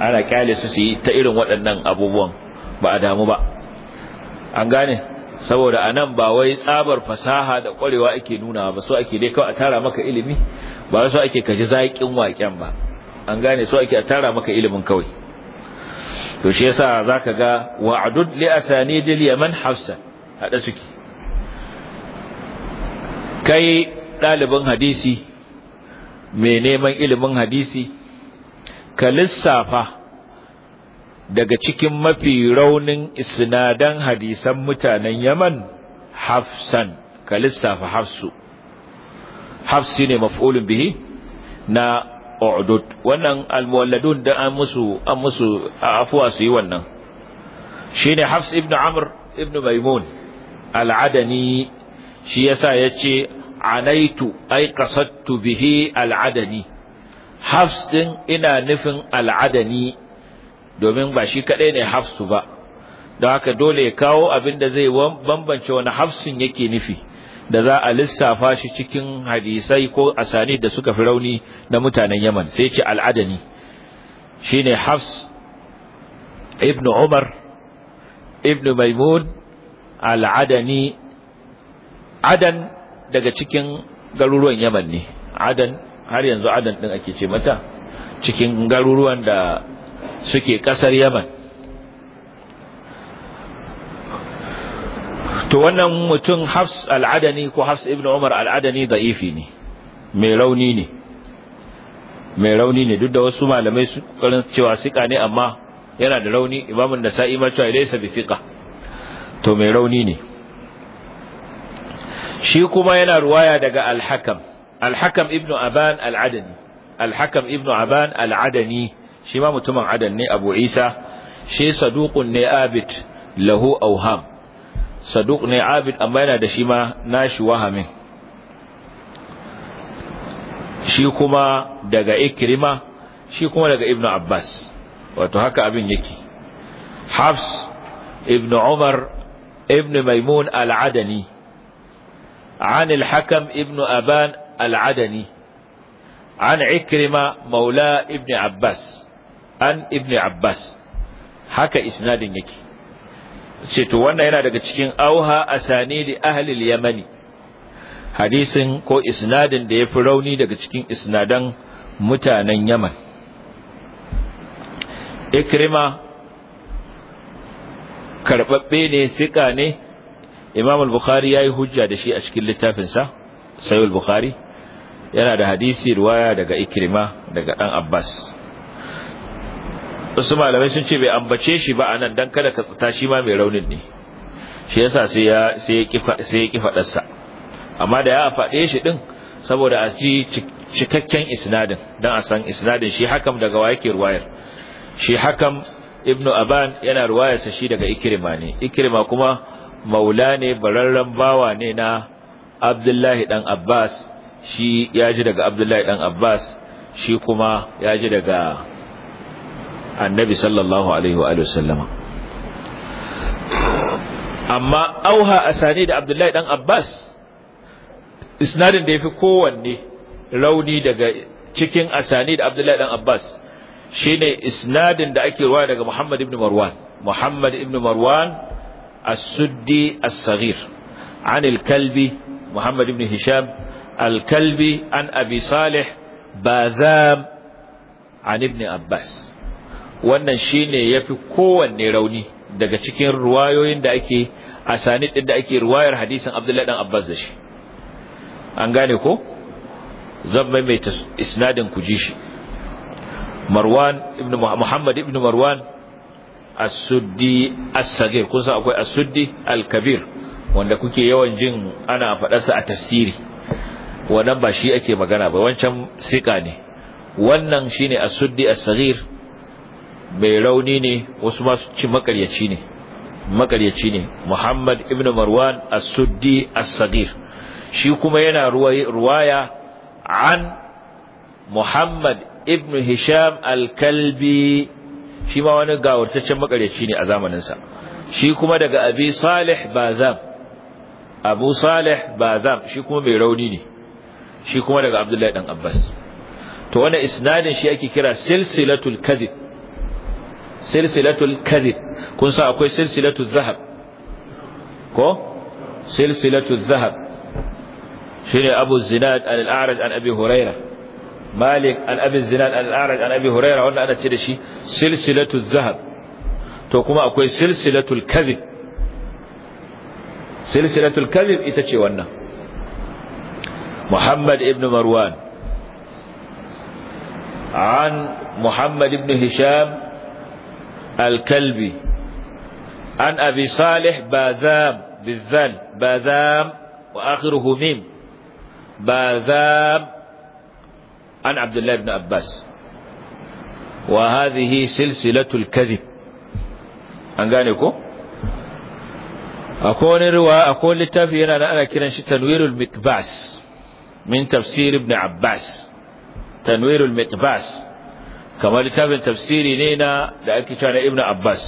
A: ana kyale su su yi ta irin waɗannan abubuwan ba a damu ba an gane saboda anan ba wai tsabar fasaha da ƙwarewa ake nuna ba so ake dai kawai a tara maka ilimi ba so ake kaji zaƙin waƙen ba an gane so ake a tara maka ilimin kawai to shi yasa zaka ga wa'dud li asanidil yaman hafsa hada suke kai ɗalibin hadisi mai neman ilimin hadisi ka lissafa daga cikin mafi raunin isnadan hadisan mutanen Yaman Hafsan ka lissafa Hafsu Hafsi ne maf'ulun bihi na Udud wannan almuwalladun da an musu an musu afuwa su yi wannan shine Hafs ibn Amr ibn Maimun al'adani shi yasa yace anaitu ai qasadtu bihi al'adani hafs din ina nufin al'adani domin ba shi kaɗai ne hafsu ba da haka dole ya kawo abin da zai bambance wani hafsin yake nufi da za a lissafa shi cikin hadisai ko asani da suka fi rauni na mutanen Yaman sai ce al'adani shine Hafs ibn Umar ibn Maimun al'adani adan daga cikin garuruwan Yaman ne Adan har yanzu Adan din ake ce mata cikin garuruwan da suke kasar Yaman to wannan mutum Hafs al-Adani ko Hafs ibn Umar al-Adani da'ifi ne mai rauni ne mai rauni ne duk da wasu malamai su karin cewa sika ne amma yana da rauni imamun Sa'i ma cewa laysa bi thiqa to mai rauni ne shi kuma yana ruwaya daga al-hakam al-hakam ibnu aban al-adani al ibnu aban al-adani shi mutumin adan ne abu isa shi saduqun ne abid lahu awham saduq ne abid amma yana da shi ma nashi wahamin shi kuma daga ikrima shi kuma daga ibnu abbas wato haka abin yake hafs ibnu umar ibnu maimun al-adani عن الحكم ابن أبان العدني عن عكرمة Maula ابن عباس عن ابن عباس haka isnadin yake ce wannan yana daga cikin auha asani da ahlil yamani hadisin ko isnadin da yafi rauni daga cikin isnadan mutanen yaman ikrima karɓaɓɓe ne sika ne imam al-bukhari yayi hujja da shi a cikin littafin sa sahih al-bukhari yana da hadisi riwaya daga ikrima daga dan abbas wasu malamai sun ce bai ambace shi ba anan dan kada ka tsata shi ma mai raunin ne shi yasa sai ya sai ya kifa sai ya kifa darsa amma da ya faɗe shi din saboda a ci cikakken isnadin dan a san isnadin shi hakam daga wa yake ruwayar shi hakam ibnu aban yana ruwayarsa shi daga ikrima ne ikrima kuma maula ne bararren bawa ne na Abdullahi dan Abbas shi ya ji daga Abdullahi dan Abbas shi kuma ya ji daga Annabi sallallahu alaihi wa alihi amma auha asani da Abdullahi dan Abbas isnadin da yafi kowanne rauni daga cikin asani da Abdullahi dan Abbas shine isnadin da ake ruwa daga Muhammad ibn Marwan Muhammad ibn Marwan السدي الصغير عن الكلبي محمد بن هشام الكلبي عن أبي صالح باذام عن ابن عباس wannan shine yafi kowanne rauni daga cikin ruwayoyin da ake asanid din da ake ruwayar hadisin Abdullahi dan Abbas da shi an gane ko zan maimaita isnadin kuji shi Marwan ibn Muhammad ibn Marwan Asuddi suddi as kun san akwai asuddi Alkabir wanda kuke yawan jin ana fadarsa a tafsiri wannan ba shi ake magana ba wancan sika ne wannan shine asuddi as mai rauni ne wasu masu su ci makaryaci ne makaryaci ne Muhammad ibn Marwan asuddi suddi as shi kuma yana ruwaya an Muhammad ibn Hisham al shi ma wani gawartaccen makaryaci ne a zamanin sa shi kuma daga abi salih bazam abu salih bazam shi kuma mai rauni ne shi kuma daga abdullahi dan abbas to wannan isnadin shi ake kira silsilatul kadhib silsilatul kadhib kun sa akwai silsilatul zahab ko silsilatul zahab shine abu zinad al-a'raj an abi hurairah malik an abi zinad al-a'raj an abi huraira wanda ana ce da shi silsilatu zahab to kuma akwai silsilatul kadhib silsilatul kadhib ita ce wannan muhammad ibn marwan an muhammad ibn hisham al-kalbi an abi salih bazam bizan bazam wa akhiruhu mim bazam an abdullahi ibn abbas wa silsilatul kadhib an gane ko akwai wani littafi yana da ana kiran shi tanwirul mikbas min abbas tanwirul mikbas kamar littafin tafsiri ne na da ake cewa na ibn abbas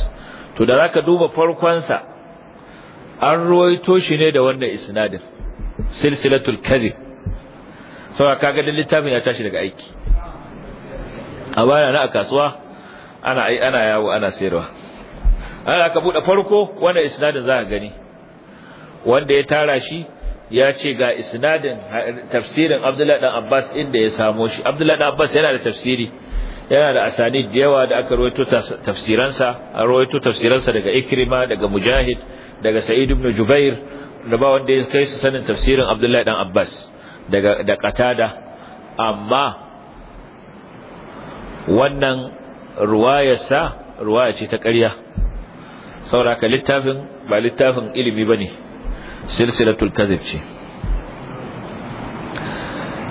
A: to da zaka duba farkon sa an ruwaito shi ne da wannan isnadin silsilatul kadhib saura kaga da littafin ya tashi daga aiki a baya na a kasuwa ana ana yawo ana sayarwa ana aka bude farko wanda isnadin za ka gani wanda ya tara shi ya ce ga isnadin tafsirin Abdullahi dan Abbas inda ya samo shi Abdullahi dan Abbas yana da tafsiri yana da asani da yawa da aka rawaito tafsiransa a rawaito tafsiransa daga Ikrima daga Mujahid daga Sa'id ibn Jubair da ba wanda ya kai su sanin tafsirin Abdullahi dan Abbas daga da katada amma wannan ruwayarsa ruwaya ce ta ƙarya sauraka littafin ba littafin ilimi ne silsilatul kadhib ce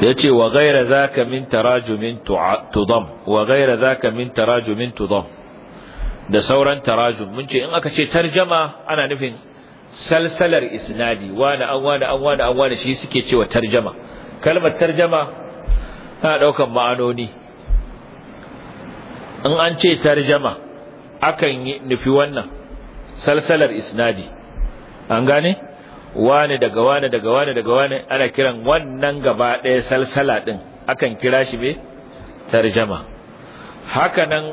A: yace wa za ka min tarajumin tudam wa za ka min tarajumin tudam da sauran tarajum mun ce in aka ce tarjama ana nufin salsalar isnadi wani an wani an wani an wani shi suke cewa tarjama kalmar tarjama na daukan ma'anoni in an ce tarjama akan nufi wannan salsalar isnadi an gane wane daga wane daga wane daga wane ana kiran wannan gaba ɗaya salsala ɗin akan kira shi me tarjama hakanan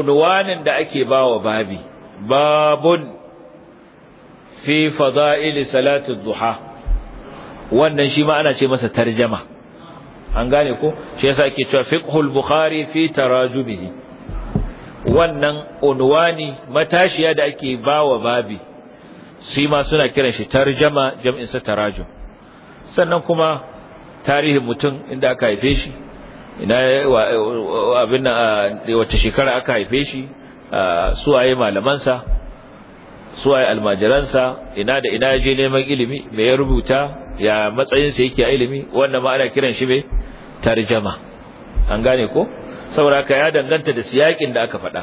A: unwanin da ake bawa babi babun fi fada'ili salatu duha wannan shi ma ana ce masa tarjama an gane ko shi yasa ake cewa fiqhul bukhari fi tarajumihi wannan unwani matashiya da ake bawa babi shi ma suna kiran shi tarjama jam'in sa tarajum sannan kuma tarihin mutum inda aka haife shi ina abin wace shekara aka haife shi su su malamansa almajiran almajiransa ina da ina je neman ilimi me ya rubuta ya matsayinsa yake a ilimi wannan ma ana kiran shi mai tarjama an gane ko saboda ka ya danganta da siyakin da aka faɗa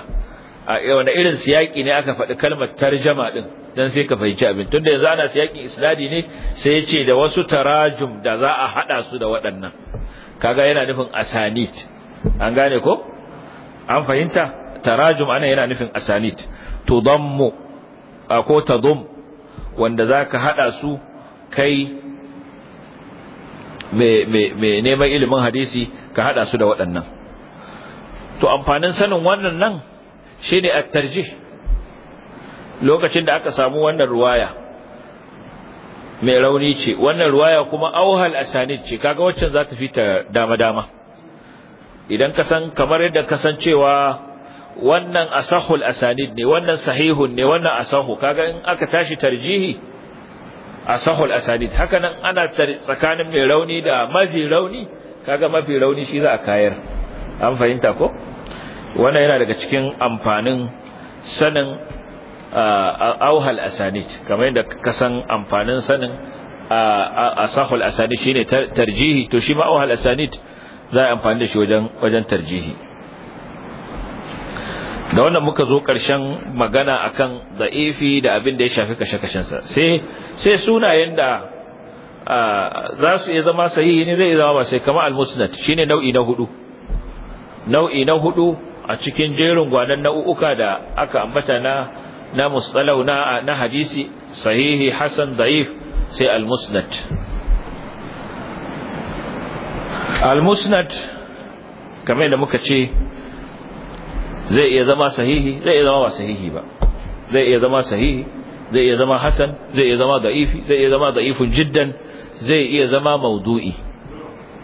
A: a eh, wanda irin siyaki ne aka faɗi kalmar tarjama din dan sai ka fahimci abin tunda yanzu ana siyakin isnadi ne sai ya ce da wasu tarajum da za a hada su da waɗannan kaga yana nufin asanit an gane ko an fahimta tarajum ana yana nufin asanit tudammu ko tadum wanda zaka haɗa su kai mai neman ilimin hadisi ka hada su da waɗannan to amfanin sanin wannan nan shine a tarji. lokacin da aka samu wannan ruwaya mai rauni ce wannan ruwaya kuma auhal asanid ce kaga waccan za ta fita dama dama idan ka san kamar yadda cewa wannan asahul asanid ne wannan sahihun ne wannan asahu kaga in aka tashi tarjihi asahul asanid haka nan ana tsakanin mai rauni da mafi rauni kaga mafi rauni shi za a kayar an fahimta ko wannan yana daga cikin amfanin sanin auhal asanid kamar yadda ka san amfanin sanin asahul asanid shine tarjihi to shi ma auhal asanid za a amfani da shi wajen tarjihi da wannan muka zo ƙarshen magana akan da'ifi da abin da ya shafi kashe-kashensa sai sai sunayen da za su iya zama sahihi ne zai zama ba sai kama al-musnad shine nau'i na hudu nau'i na hudu a cikin jerin gwanan nau'uka da aka ambata na na mustalau na na hadisi sahihi hasan da'if sai al-musnad al-musnad kamar da muka ce zai iya zama sahihi zai iya zama ba sahihi ba zai iya zama sahihi zai iya zama hasan zai iya zama da'ifi zai iya zama da'ifun jiddan zai iya zama maudu'i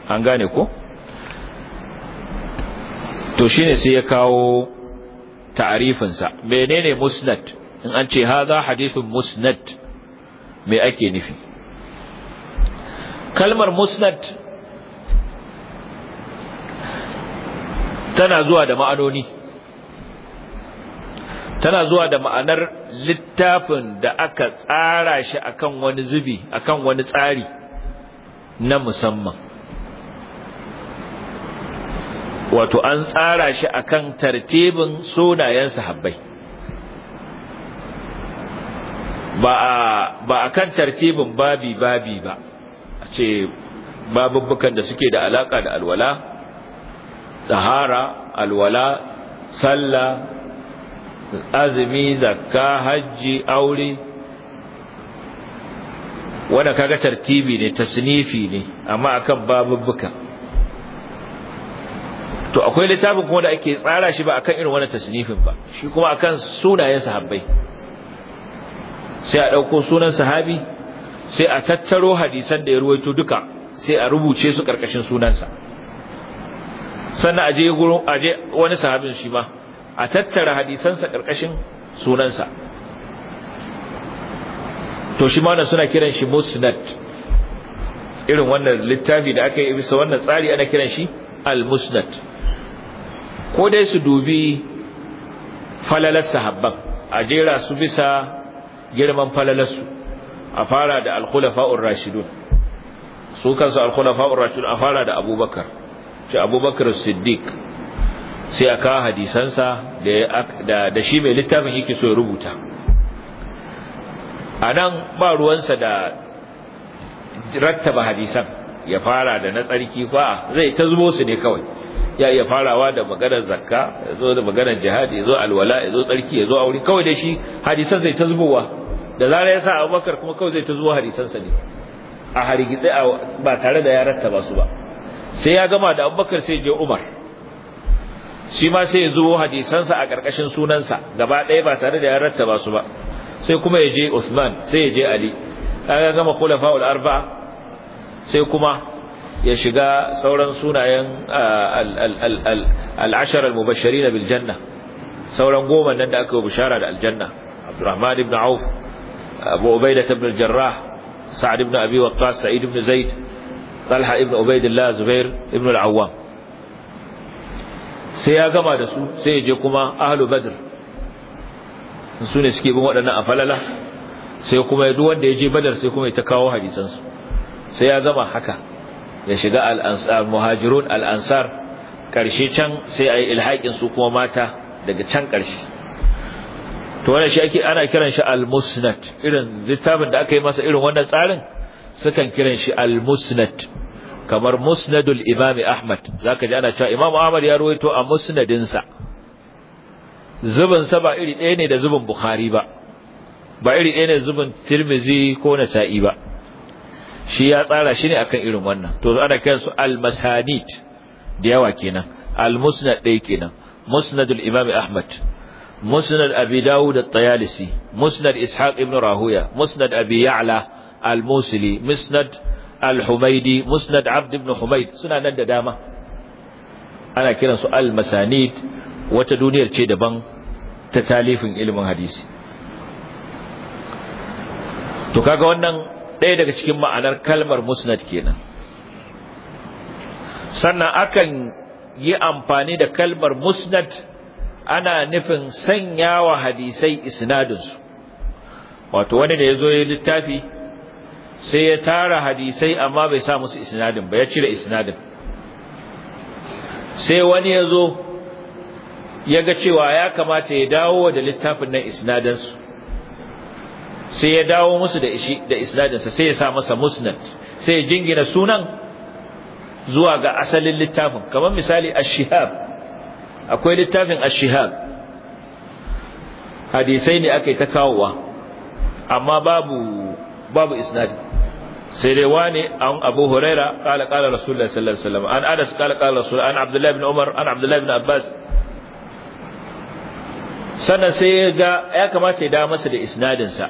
A: an gane ko to shine sai ya kawo ta'arifin sa menene musnad in an ce hadha hadithun musnad me ake nufi kalmar musnad tana zuwa da ma'anoni tana zuwa da ma'anar littafin da aka tsara shi akan wani zubi akan wani tsari na musamman wato an tsara shi akan tartibin sunayen sahabbai ba a ba akan tartibin babi babi ba a ce babubbukan da suke da alaka da alwala tahara alwala sallah azumi zakka hajji aure wanda kaga tartibi ne tasnifi ne amma akan babubbuka to akwai littafin kuma da ake tsara shi ba akan irin wannan tasnifin ba shi kuma akan sunayen sahabbai sai a dauko sunan sahabi sai a tattaro hadisan da ya ruwaito duka sai a rubuce su karkashin sunansa sannan aje wani sahabin shi ba a tattara hadisansa ƙarƙashin sunansa to shi ma suna kiran shi musnad irin wannan littafi da aka yi bisa wannan tsari ana kiran shi al-musnad ko dai su dubi falalar sahabban a jera su bisa girman falalarsu a fara da al-khulafa'ur rashidun su kansu al-khulafa'ur rashidun a fara da abubakar shi abubakar siddiq sai aka kawo hadisansa da shi mai littafin yake so ya rubuta a nan ba ruwansa da rattaba hadisan ya fara da na tsarki fa'a zai ta zubo su ne kawai ya iya farawa da maganar zakka ya zo da maganar jihadi ya zo alwala ya zo tsarki ya zo aure kawai da shi hadisan zai ta zubowa da zara ya sa abubakar kuma kawai zai ta zuwa hadisansa ne a harigitse ba tare da ya rattaba su ba sai ya gama da abubakar sai ya je umar shi ma sai ya zubo hadisansa a ƙarƙashin sunansa gaba ɗaya ba tare da ya rattaba su ba sai kuma ya je Usman sai ya je Ali kaga gama ul arba'a sai kuma ya shiga sauran sunayen al-ashara al-mubashirin bil janna sauran goma nan da aka bishara da aljanna Abdurrahman ibn Auf Abu Ubaidah ibn jarrah Sa'd ibn Abi Waqqas Sa'id ibn Zaid Talha ibn Ubaidillah Zubair ibn al-Awwam sai ya gama da su sai ya je kuma ahlu badr su ne suke bin waɗannan a falala sai kuma duk wanda ya je badar sai kuma ya ta kawo hadisansu sai ya gama haka ya shiga al-ansar muhajirun al-ansar karshe can sai ayi ilhakin su kuma mata daga can karshe to wannan shi ake ana kiran shi al-musnad irin littafin da aka yi masa irin wannan tsarin sukan kiran shi al-musnad kamar musnadul imami ahmad zaka ji ana cewa imamu ahmad ya ruwaito a musnadinsa zubin sa ba iri ɗaya ne da zubin bukhari ba ba iri ɗaya ne zubin tirmizi ko nasa'i ba shi ya tsara shi ne akan irin wannan to ana kiran su al-masanid da yawa kenan al-musnad ɗaya kenan musnadul imami ahmad musnad abi dawud at-tayalisi musnad ishaq ibn rahuya musnad abi ya'la al-musili musnad al-Humaidi Musnad Abd ibn Humaid suna nan da dama ana kiran su al-Masanid wata duniyar ce daban ta talifin ilimin hadisi to kaga wannan ɗaya daga cikin ma'anar kalmar musnad kenan sannan akan yi amfani da kalmar musnad ana nufin sanyawa hadisai isnadinsu wato wani da ya zo ya littafi sai ya tara hadisai amma bai sa musu isnadin ba ya cire isnadin sai wani ya zo ya ga cewa ya kamata ya dawo da littafin nan isnadansu sai ya dawo musu da ishi da isnadinsa sai ya sa masa musnad sai ya jingina sunan zuwa ga asalin littafin kamar misali ash-shihab akwai littafin ash-shihab hadisai ne aka yi ta kawowa amma babu babu isnadi sai dai wani an abu huraira kala kala rasulullahi sallallahu alaihi wasallam an adas kala kala rasul an abdullahi ibn umar an abdullahi ibn abbas sannan sai ya ga ya kamata ya dawo masa da isnadin sa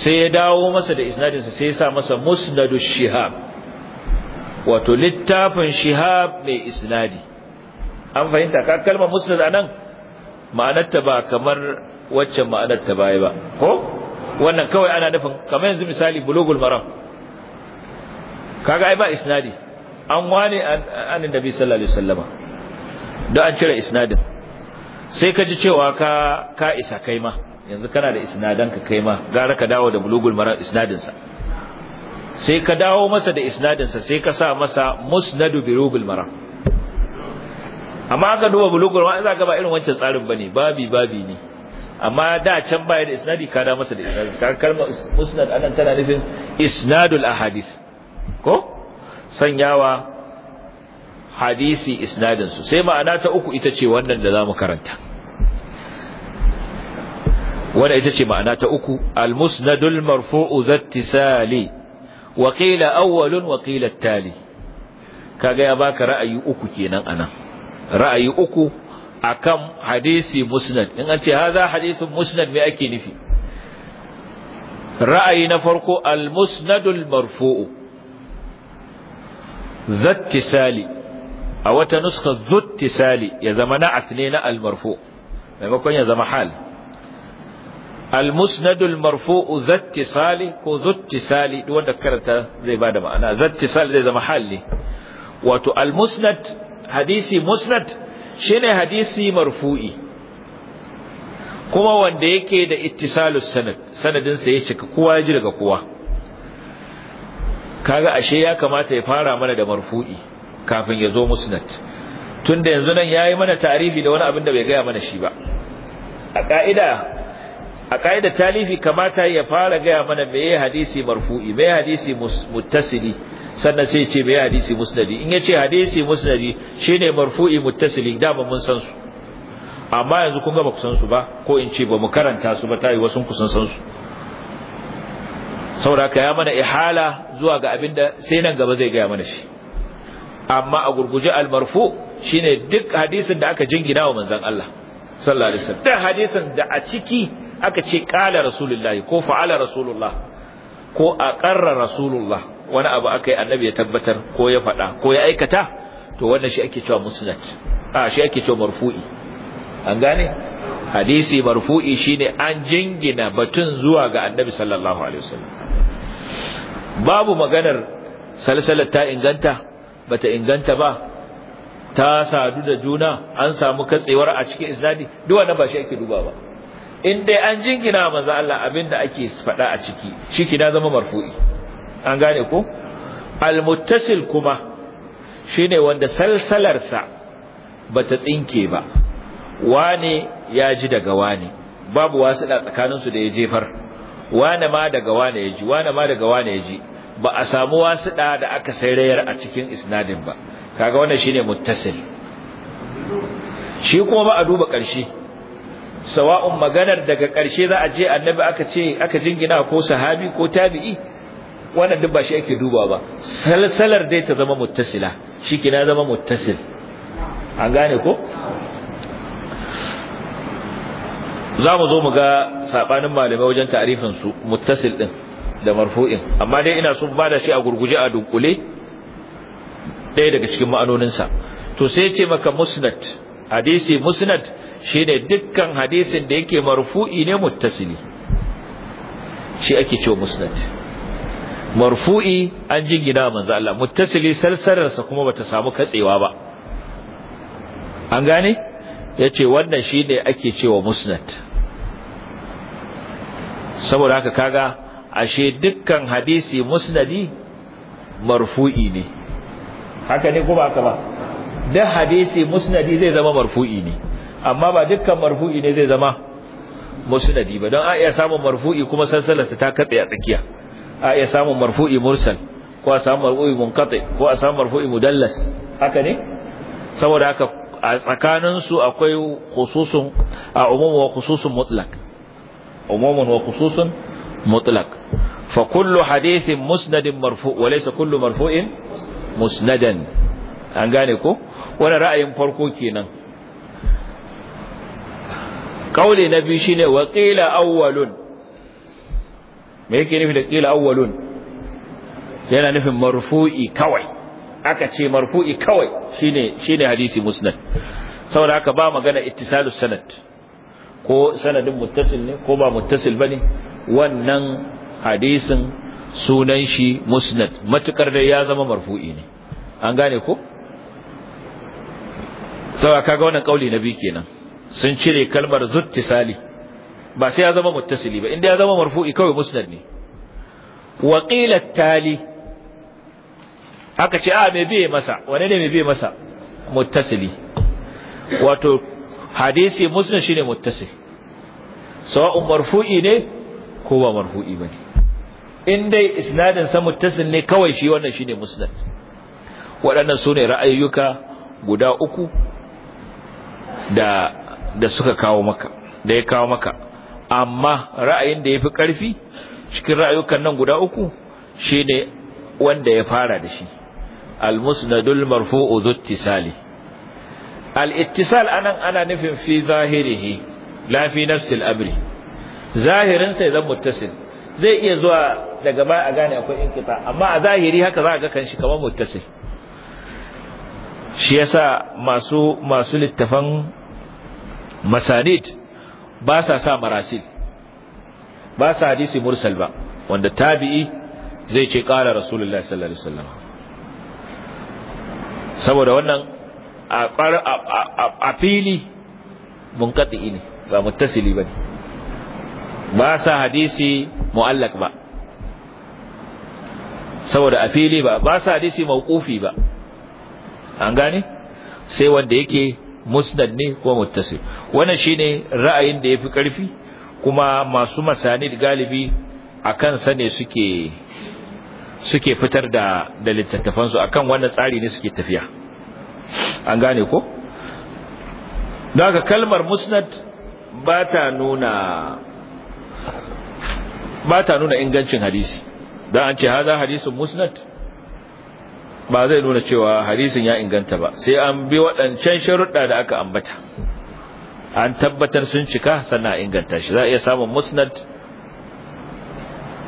A: sai ya dawo masa da isnadin sa sai ya sa masa musnadu shihab wato littafin shihab mai isnadi an fahimta ka kalmar musnad anan ma'anarta ba kamar wacce ma'anarta baya ba ko wannan kawai ana nufin kamar yanzu misali bulugul maram kaga ai ba isnadi an wane an annabi sallallahu alaihi wasallama don an cire isnadin sai ka ji cewa ka ka isa kai ma yanzu kana da isnadan ka kai ma gara ka dawo da bulugul maram isnadin sa sai ka dawo masa da isnadin sa sai ka sa masa musnadu birugul maram amma aka duba bulugul maram za ka ba irin wancan tsarin bane babi babi ne amma da can baya da isnadi ka da masa da isnadi kalmar musnad anan tana nufin isnadul ahadith ko sanyawa hadisi isnadin su sai ma'ana ta uku ita ce wannan da zamu karanta wanda ita ce ma'ana ta uku al musnadul marfu'u zattisali wa qila awwalun wa qila tali kaga ya baka ra'ayi uku kenan anan ra'ayi uku akan hadisi musnad in an ce hadha hadithun musnad me ake nufi ra'ayi na farko al-musnadul marfu'u zattisali a wata nuska zuttisali ya zama na'at ne na al-marfu maimakon ya zama hal al-musnadul marfu'u zattisali ko zuttisali duk wanda karanta zai bada ma'ana zattisali zai zama hal ne wato almusnad hadisi musnad shine hadisi marfu'i kuma wanda yake da ittisalus sanad sanadin sa ya cika kowa ya ji daga kowa kaga ashe ya kamata ya fara mana da marfu'i kafin ya zo musnad tunda yanzu nan yayi mana tarihi da wani abin da bai gaya mana shi ba a ka'ida a ka'idar talifi kamata ya fara gaya mana me hadisi marfu'i me hadisi muttasili sannan sai ce mai hadisi musnadi in ya ce hadisi musnadi shine marfu'i mutasili. da ba mun san su amma yanzu kun ga ba su ba ko in ce ba mu karanta su ba tayi wasu ku san su saboda ya mana ihala zuwa ga abinda sai nan gaba zai gaya mana shi amma a gurguje almarfu shine duk hadisin da aka jingina wa manzon Allah sallallahu alaihi wasallam duk hadisin da a ciki aka ce qala rasulullahi ko fa'ala rasulullah ko aqarra rasulullah wani abu aka yi annabi ya tabbatar ko ya faɗa ko ya aikata to wannan shi ake cewa musnad a shi ake cewa marfu'i an gane hadisi marfu'i shine an jingina batun zuwa ga annabi sallallahu alaihi wasallam babu maganar salsalar ta inganta bata inganta ba ta sadu da juna an samu katsewar a cikin isnadi duk wannan ba shi ake duba ba in dai an jingina manzo Allah abinda ake faɗa a ciki shi na zama marfu'i an gane ko almuttasil kuma shine wanda salsalarsa bata tsinke ba wane ya ji daga wane babu wasuɗa tsakaninsu da ya jefar wane ma daga wane ya ji wane ma daga wane ya ji ba a samu wasuɗa da aka rayar a cikin isnadin ba kaga wannan shine muttasil shi kuma ba a duba ƙarshe sawa'un maganar daga ƙarshe za a je annabi aka ce aka jingina ko sahabi ko tabi'i wannan duk ba shi ake duba ba salsalar dai ta zama muttasila shike na zama muttasil an gane ko za mu zo mu ga sabanin malamai wajen ta'arifin su muttasil din da marfu'in amma dai ina son bada shi a gurguje a dunkule ɗaya daga cikin sa to sai ce maka musnad hadisi musnad shine dukkan hadisin da yake marfu'i ne muttasili shi ake cewa musnad marfu'i an jingina manzo Allah muttasili salsalarsa kuma bata samu katsewa ba an gane yace wannan shine ake cewa musnad saboda haka kaga ashe dukkan hadisi musnadi marfu'i ne haka ne kuma haka ba duk hadisi musnadi zai zama marfu'i ne amma ba dukkan marfu'i ne zai zama musnadi ba don a iya samun marfu'i kuma salsalarsa ta katse a tsakiya a iya samun marfu'i mursal ko a samu marfu'i munqati ko a samu marfu'i mudallas haka ne saboda haka a tsakanin su akwai khususun a umumu wa khususun mutlaq umumun wa khususun mutlaq fa kullu hadithin musnadin marfu' wa laysa kullu marfu'in musnadan an gane ko wannan ra'ayin farko kenan kauli nabi shine wa qila awwalun me yake nufi da qila awwalun yana nufin marfu'i kawai aka ce marfu'i kawai shine shine hadisi musnad saboda haka ba magana ittisalus sanad ko sanadin muttasil ne ko ba muttasil bane wannan hadisin sunan shi musnad matukar da ya zama marfu'i ne an gane ko saboda kaga wannan kauli na biyu kenan sun cire kalmar zuttisali ba sai ya zama muttasili ba inda ya zama marfu'i kawai musnad ne wa qila tali aka ce a ah, me biye masa wane ne me biye masa muttasili wato hadisi musnad shine muttasil sawa'un marfu'i ne ko ba marfu'i bane in dai isnadin sa muttasil ne kawai shi wannan shine musnad waɗannan sune ra'ayoyuka guda uku da da suka kawo maka da ya kawo maka amma ra'ayin da ya fi ƙarfi cikin ra'ayukan nan guda uku shine wanda ya fara da shi al-musnadul marfu'u zuttisali al-ittisal anan ana nufin fi zahirihi la fi nafsil amri zahirin sai zan muttasil zai iya zuwa daga baya a gane akwai inkita amma a zahiri haka za a ga kanshi kamar muttasil shi yasa masu masu littafan masanid ba sa sa marasil ba sa hadisi mursal ba wanda tabi'i zai ce kala rasulullahi sallallahu alaihi wasallam saboda wannan a fili munqati ne ba muttasili bane ba sa hadisi muallaq ba saboda a fili ba ba sa hadisi mauqufi ba an gane sai wanda yake musnad ne ko muttasil wannan shine ra'ayin da yafi karfi kuma masu masanid galibi akan sa ne suke suke fitar da da littattafan su akan wannan tsari ne suke tafiya an gane ko daga kalmar musnad bata nuna bata nuna ingancin hadisi dan an ce haza hadisin musnad ba zai nuna cewa hadisin ya inganta ba sai an bi waɗancan sharuɗa da aka ambata an tabbatar sun cika sannan inganta shi za a iya samun musnad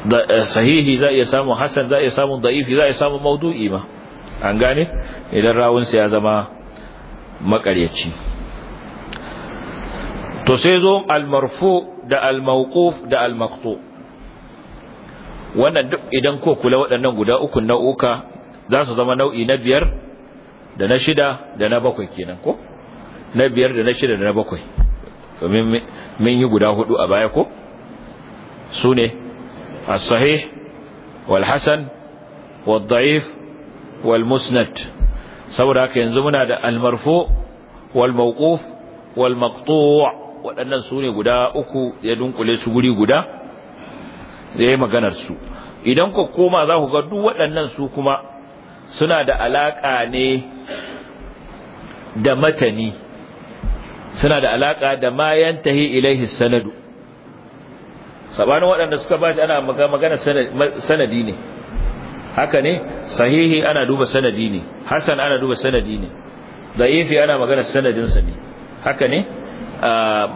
A: eh, sahihi za a iya samun hasan za a iya samun da'ifi za a iya samun maudu'i ma an gane idan rawunsa ya zama makaryaci to sai zo almarfu da almawquf da almaqtu wannan duk idan ko kula waɗannan guda uku nau'uka za su zama nau'i na biyar da na shida da na bakwai kenan ko na biyar da na shida da na bakwai domin min yi guda hudu a baya ko su ne as-sahih wal hassan wal da'if wal musnad saboda haka yanzu muna da al wal mawquf wal maqtu' waɗannan su ne guda uku ya dunkule su guri guda ya yi maganar su idan ku koma za ku ga duk waɗannan su kuma suna da alaka ne da matani suna da alaka da ma yantahi ilaihi sanadu sabanin waɗanda suka ba ana magana sanadi ne haka ne sahihi ana duba sanadi ne hasan ana duba sanadi ne da'ifi ana magana sanadinsa ne haka ne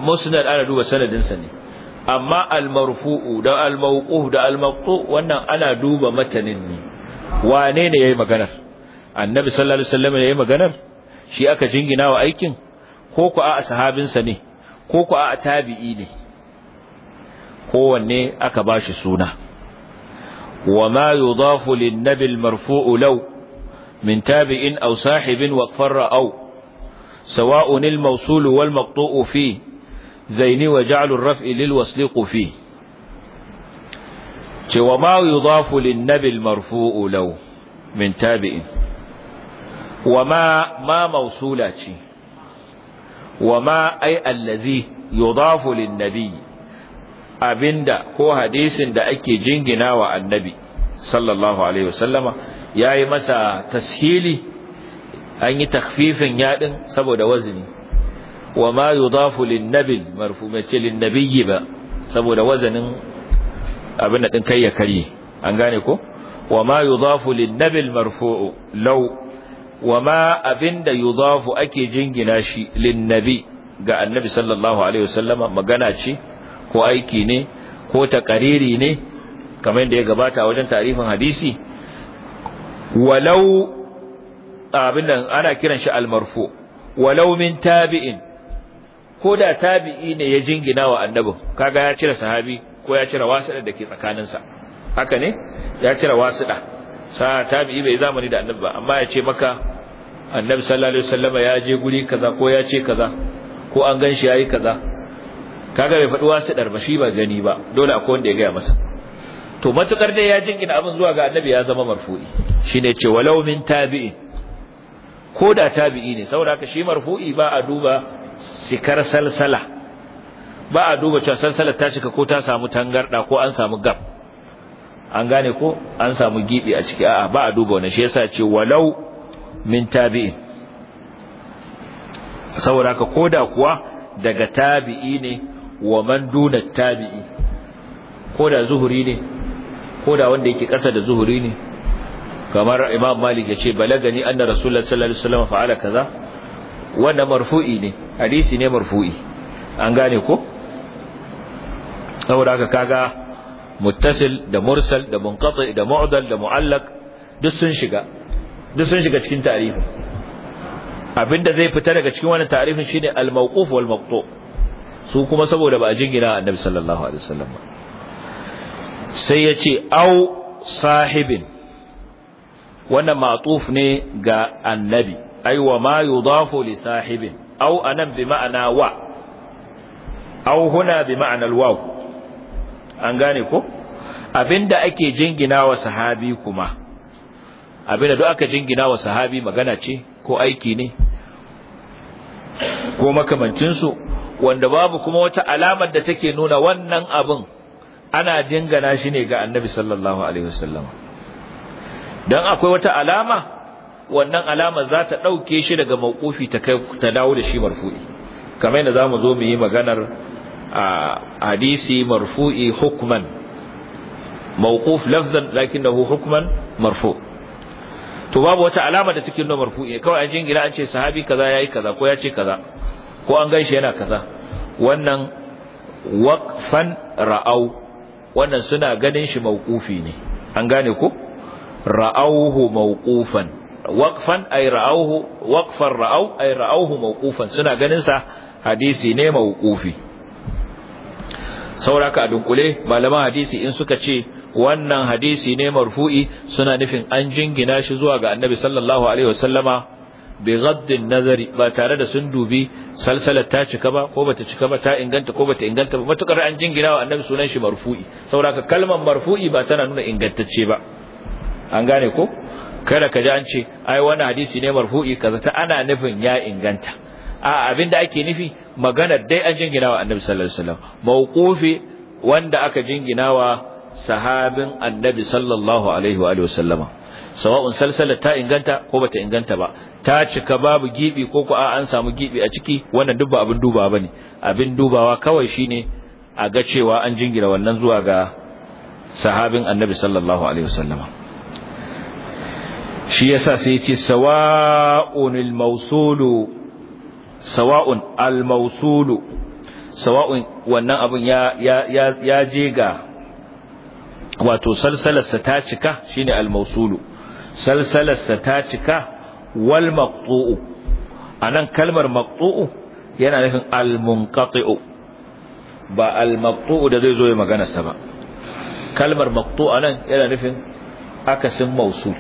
A: musnad ana duba sanadinsa ne amma al da al-mawquf da al-maqtu wannan ana duba matanin ne Wanene ne ya yi maganar annabi sallallahu alaihi ya yi maganar shi aka jingina wa aikin ko ku a sahabinsa ne ko ku a tabi'i ne kowanne aka ba shi suna wama yudafu linnabi almarfu'u law min tabi'in aw sahibin wa farra aw sawa'un almawsul walmaqtu'u fi zaini wa ja'alu alraf'i lilwasliqu fihi cewa ma yudafu lin-nabi al-marfu'u min tabi'in wa ma ma mausula ce wa ma ai allazi yudafu lin-nabi abinda ko hadisin da ake jingina wa annabi sallallahu alaihi wasallama yayi masa tashili an yi takhfifin yadin saboda wazini wa ma yudafu lin-nabi al-marfu' mace lin ba saboda wazanin abin da din kai ya kari an gane ko wama yudafu linnabil marfu'u law wama abinda yudafu ake jingina shi linnabi ga annabi sallallahu alaihi wasallama magana ce ko aiki ne ko takariri ne kamar da ya gabata wajen tarifin hadisi walau abin ana kiran shi almarfu walau min tabi'in ko da tabi'i ne ya jingina wa annabin kaga ya cire sahabi ko ya cire wasiɗa da ke tsakaninsa haka ne ya cire wasiɗa sa tabi'i bai zamani da annabi ba amma ya ce maka annabi sallallahu alaihi wasallama ya je guri kaza ko ya ce kaza ko an ganshi yayi kaza kaga bai faɗi wasiɗar ba shi ba gani ba dole akwai wanda ya gaya masa to matukar dai ya jin jingina abin zuwa ga annabi ya zama marfu'i shine ce walau min tabi'i ko da tabi'i ne saboda ka shi marfu'i ba a duba sikar salsala ba a duba cewa sansalar ta cika ko ta samu tangarda ko an samu gab an gane ko an samu gibi a ciki a'a ba a duba wannan shi yasa ce walau min tabi'in saboda ka koda kuwa daga tabi'i ne wa man duna tabi'i koda zuhuri ne koda wanda yake kasa da zuhuri ne kamar imam malik ya ce balagani anna rasulullahi sallallahu alaihi wasallam fa'ala kaza wannan marfu'i ne hadisi ne marfu'i an gane ko saboda haka kaga muttasil da mursal da munqati da mu'dal da mu'allaq duk sun shiga duk sun shiga cikin ta'rifin abinda zai fita daga cikin wannan ta'rifin shine al-mawquf wal maqtu su kuma saboda ba a jingina annabi sallallahu alaihi wasallam ba sai yace au sahibin wannan ma'tuf ne ga annabi aiwa ma yudafu li sahibin au anan bi ma'ana wa au huna bi ma'ana al-waw an gane ko abinda ake jingina wa sahabi kuma abinda duk aka jingina wa sahabi magana ce ko aiki ne ko makamancinsu wanda babu kuma wata alamar da take nuna wannan abin ana dingana shi ne ga annabi sallallahu alaihi wasallam dan akwai wata alama wannan alama za ta dauke shi daga makofi ta kai ta dawo da shi marfu'i kamar yadda zamu zo mu yi maganar hadisi marfu'i hukman mawquf lafzan lakinnahu hukman marfu to babu wata alama da cikin marfu'i kawai an jingina an ce sahabi kaza yayi kaza ko ya ce kaza ko an ganshi yana kaza wannan waqfan ra'au wannan suna ganin shi mawqufi ne an gane ko ra'auhu mawqufan waqfan ay ra'auhu waqfan ra'au ay ra'auhu mawqufan suna ganin sa hadisi ne mawqufi sauraka a dunkule malaman hadisi in suka ce wannan hadisi ne marfu'i suna nufin an jingina shi zuwa ga annabi sallallahu alaihi wasallama bi ghaddin nazari ba tare da sun dubi salsalar ta cika ba ko bata cika ba ta inganta ko bata inganta ba matukar an jingina wa annabi sunan shi marfu'i sauraka kalmar marfu'i ba tana nuna ingantacce ba an gane ko kada ka ji an ce ai wannan hadisi ne marfu'i kaza ta ana nufin ya inganta a da ake nufi maganar dai an jingina wa annabi sallallahu alaihi wasallam mawqufi wanda aka jingina wa sahabin annabi sallallahu alaihi wa sallam. sawa'un salsala ta inganta ko bata inganta ba ta cika babu gibi ko ko an samu gibi a ciki wannan duk ba abin dubawa bane abin dubawa kawai shine a ga cewa an jingina wannan zuwa ga sahabin annabi sallallahu alaihi wasallam shi yasa sai ya sawa'un sawa'unil mawsulu sawa'un al-mawsulu sawa'un wannan abin ya ya ya je ga wato sa ta cika shine al-mawsulu sa ta cika wal maqtu'u anan kalmar maqtu'u yana nufin al-munqati'u ba al-maqtu'u da zai zo ya magana sa ba kalmar maqtu'u anan yana nufin akasin mawsul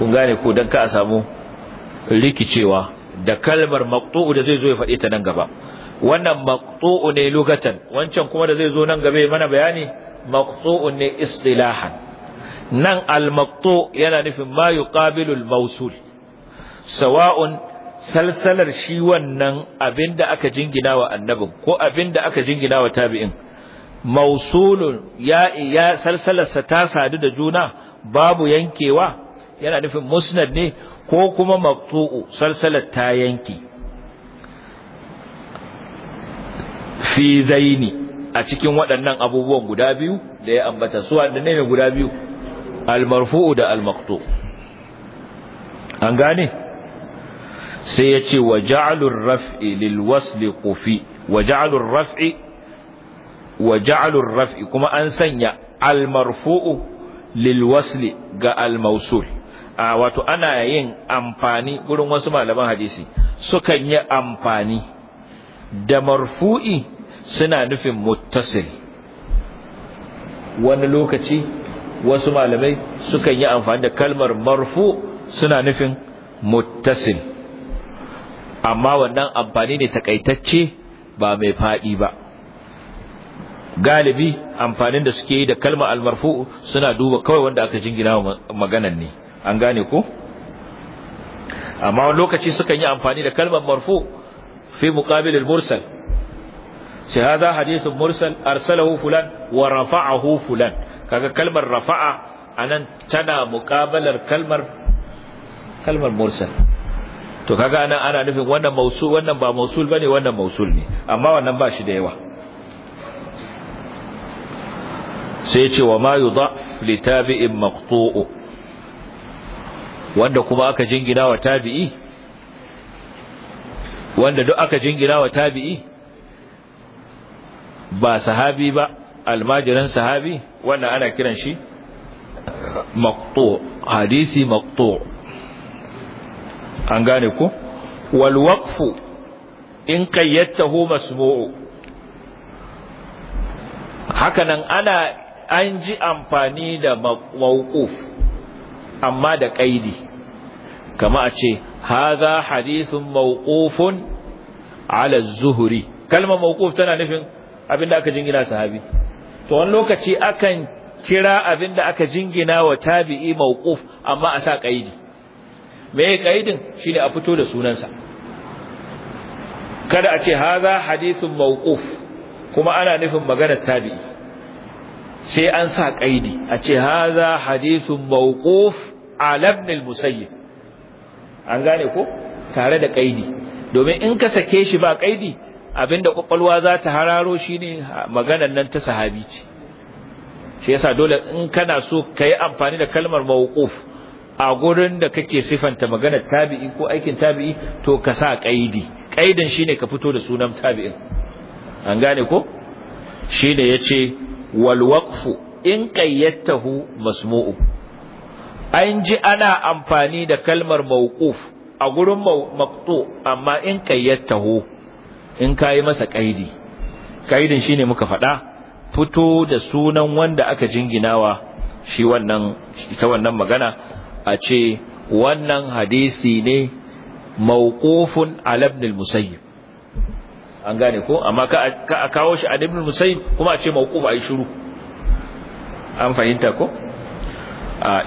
A: kun gane ko dan ka a samu rikicewa da kalmar maqtu'u da zai zo ya faɗi ta nan gaba wannan maqtu'u ne lugatan wancan kuma da zai zo nan gaba mana bayani maqtu'u ne istilahan nan al maqtu yana nufin ma yuqabilu al mawsul sawa'un salsalar shi wannan abinda aka jingina wa annabin ko abinda aka jingina wa tabi'in mausulun ya ya salsalarsa ta sadu da juna babu yankewa yana nufin musnad ne ko kuma maqtu'u salsalar ta yanki fi zaini a cikin waɗannan abubuwan guda biyu da ya ambata su wanda ne guda biyu al-marfu'u da al-maqtu an gane sai ya ce wa ja'alur raf'i lil wasli qufi wa ja'alur raf'i wa ja'alur raf'i kuma an sanya al-marfu'u lil wasli ga al-mawsul a wato ana yin amfani gurin wasu malaman hadisi sukan yi amfani da marfu'i suna nufin muttasil wani lokaci wasu malamai sukan yi amfani da kalmar marfu suna nufin muttasil amma wannan amfani ne takaitacce ba mai faɗi ba galibi amfanin da suke yi da kalmar almarfu suna duba kawai wanda aka jingina maganan ne an gane ko amma wani lokaci sukan yi amfani da kalmar marfu fi muqabil mursal sai hada hadithun mursal arsalahu fulan wa rafa'ahu fulan kaga kalmar rafa'a anan tana muqabalar kalmar kalmar mursal to kaga ana ana nufin wannan mausul wannan ba mausul bane wannan mausul ne amma wannan ba shi da yawa sai ce wa ma yudaf li tabi'in maqtu'u wanda kuma aka jingina wa tabi'i wanda duk aka jingina wa tabi'i ba sahabi ba almajiran sahabi wannan ana kiran shi maqtu hadisi maqtu an gane ku wal waqfu in qayyatahu haka hakanan ana an ji amfani da mawquf amma da kaidi kama a ce hadha hadithun mawqufun ala az kalmar mawquf tana nufin abinda aka jingina sahabi to wani lokaci akan kira abinda aka jingina wa tabi'i mawquf amma a sa kaidi me kaidin shine a fito da sunansa kada a ce haza hadithun mawquf kuma ana nufin maganar tabi'i sai an sa kaidi a ce haza hadithun mawquf ala ibn al-musayyib an gane ko tare da kaidi domin in ka sake shi ba kaidi abinda kwakwalwa za ta hararo shine maganar nan ta sahabi ce shi yasa dole in kana so ka yi amfani da kalmar mawquf a gurin da kake sifanta maganar tabi'i ko aikin tabi'i to ka sa kaidi kaidin shine ka fito da sunan tabi'in an gane ko shine yace wal waqfu in qayyatahu masmu'u an ji ana amfani da kalmar mawquf a gurin maqtu amma in taho in kai masa kaidi kaidin shine muka faɗa fito da sunan wanda aka jinginawa shi wannan ita wannan magana a ce wannan hadisi ne mawqufun ala ibn al-musayyib an gane ko amma ka a kawo shi ibn al-musayyib kuma a ce mawquf ai shiru an fahimta ko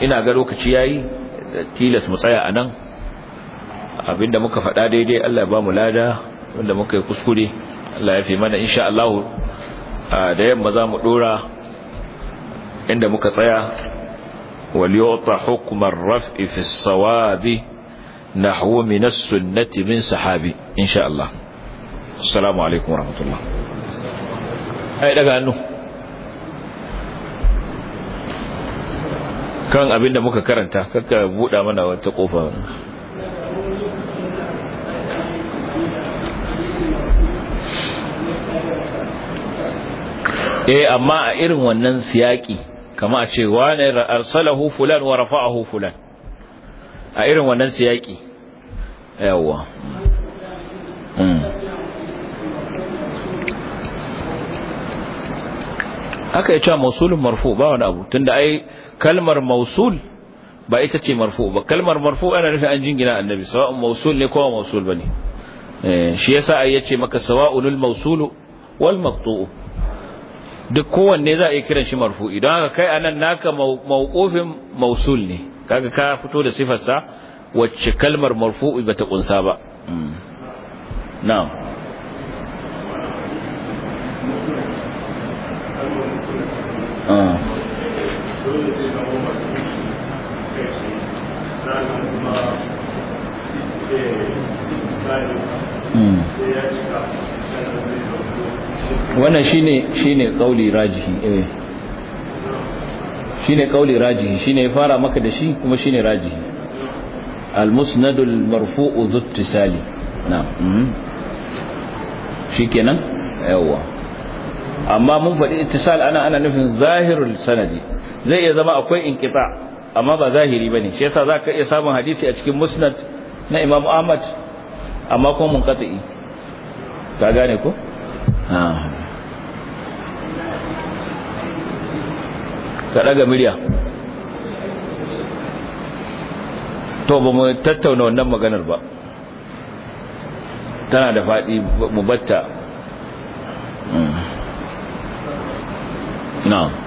A: ina ga lokaci yayi tilas mu tsaya anan abinda muka faɗa daidai Allah ya ba mu lada wanda muka yi kuskure Allah ya fi mana insha Allah da yamma za mu dora inda muka tsaya وليعطى hukmar raf'i fi sawabi نحو من السنة من صحابي إن شاء الله السلام عليكم ورحمة الله أي لك أنه kan abin da muka karanta kakka buɗa mana wata ƙofa eh amma a irin wannan siyaki kama a ce wane arsalahu fulan wa rafa'ahu fulan a irin wannan siyaki yawa hmm. haka ya ce masulun marfu ba wani abu tunda ai kalmar mausul ba ita ce marfu ba kalmar marfu ana nufin an jingina annabi sawa'un mausul ne kowa mausul ba ne eh, shi yasa ya ce maka sawa'unul mausulu wal maktu'u duk kowanne za a yi kiran shi marfu idan aka kai anan naka mawqufin mausul ne kaga ka fito da sifar wacce kalmar marfu ta kunsa ba hmm. na'am
B: ah Eh, hmm. wannan shi ne
A: kauli rajihi eh shine kauli rajihi shine ya fara maka da shi kuma shi shine rajihi al marfu al-marfu'u na shi na'am mhm. shikenan yawa amma mun faɗi ittisal ana ana nufin zahirul sanadi zai iya zama akwai inqita amma ba zahiri bane shi yasa zaka iya samun hadisi a cikin musnad na Imam Ahmad amma kuma munqati ka gane ko ha ka daga murya to ba mu tattauna wannan maganar ba tana da faɗi mu batta hmm. na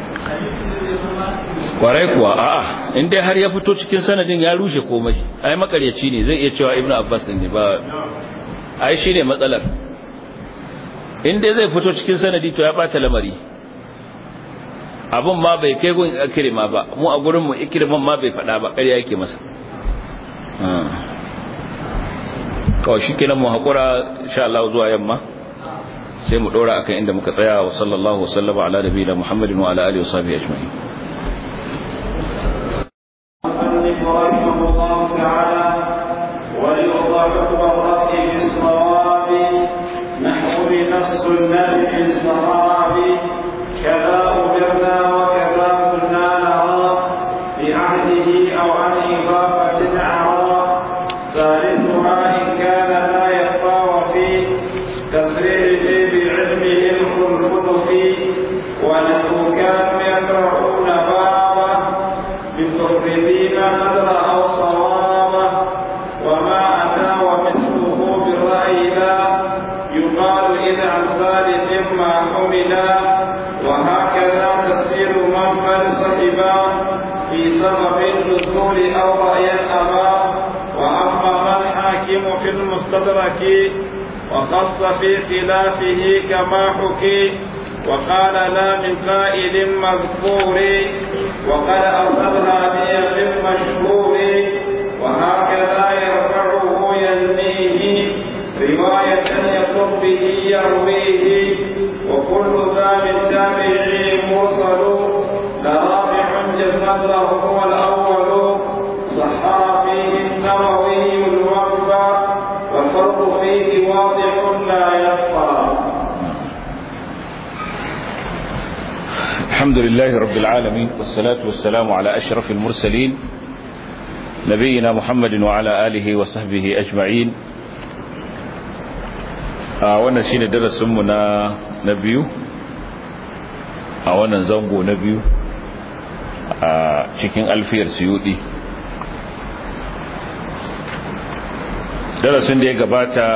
A: kwarai kuwa a'a in dai har ya fito cikin sanadin ya rushe komai ai makaryaci ne zai iya cewa ibnu abbas ne ba ai shine matsalar in dai zai fito cikin sanadi to ya bata lamari abun ma bai kai gun ikrima ba mu a gurin mu ikriman ma bai fada ba ƙarya yake masa hmm. kawai shi kenan mu haƙura insha Allah zuwa yamma sai mu dora akan inda muka tsaya wa sallallahu wasallama ala nabiyina muhammadin wa ala alihi wa sahbihi ajma'in
B: نحو نفس النبي صلى الله المستدرك وقص في خلافه كما حكي وقال لا من قائل مذكور وقد أصلها بأمر مشهور وهكذا يرفعه ينميه رواية يقوم به يرويه وكل ذا من تابعي موصل لرافع جزاه هو الأول
A: الحمد لله رب العالمين والصلاة والسلام على أشرف المرسلين نبينا محمد وعلى آله وصحبه أجمعين أعوانا آه، سين درس أمنا نبي أعوانا آه، زنبو نبي آه، شكين ألفير سيودي درس اندي قباتا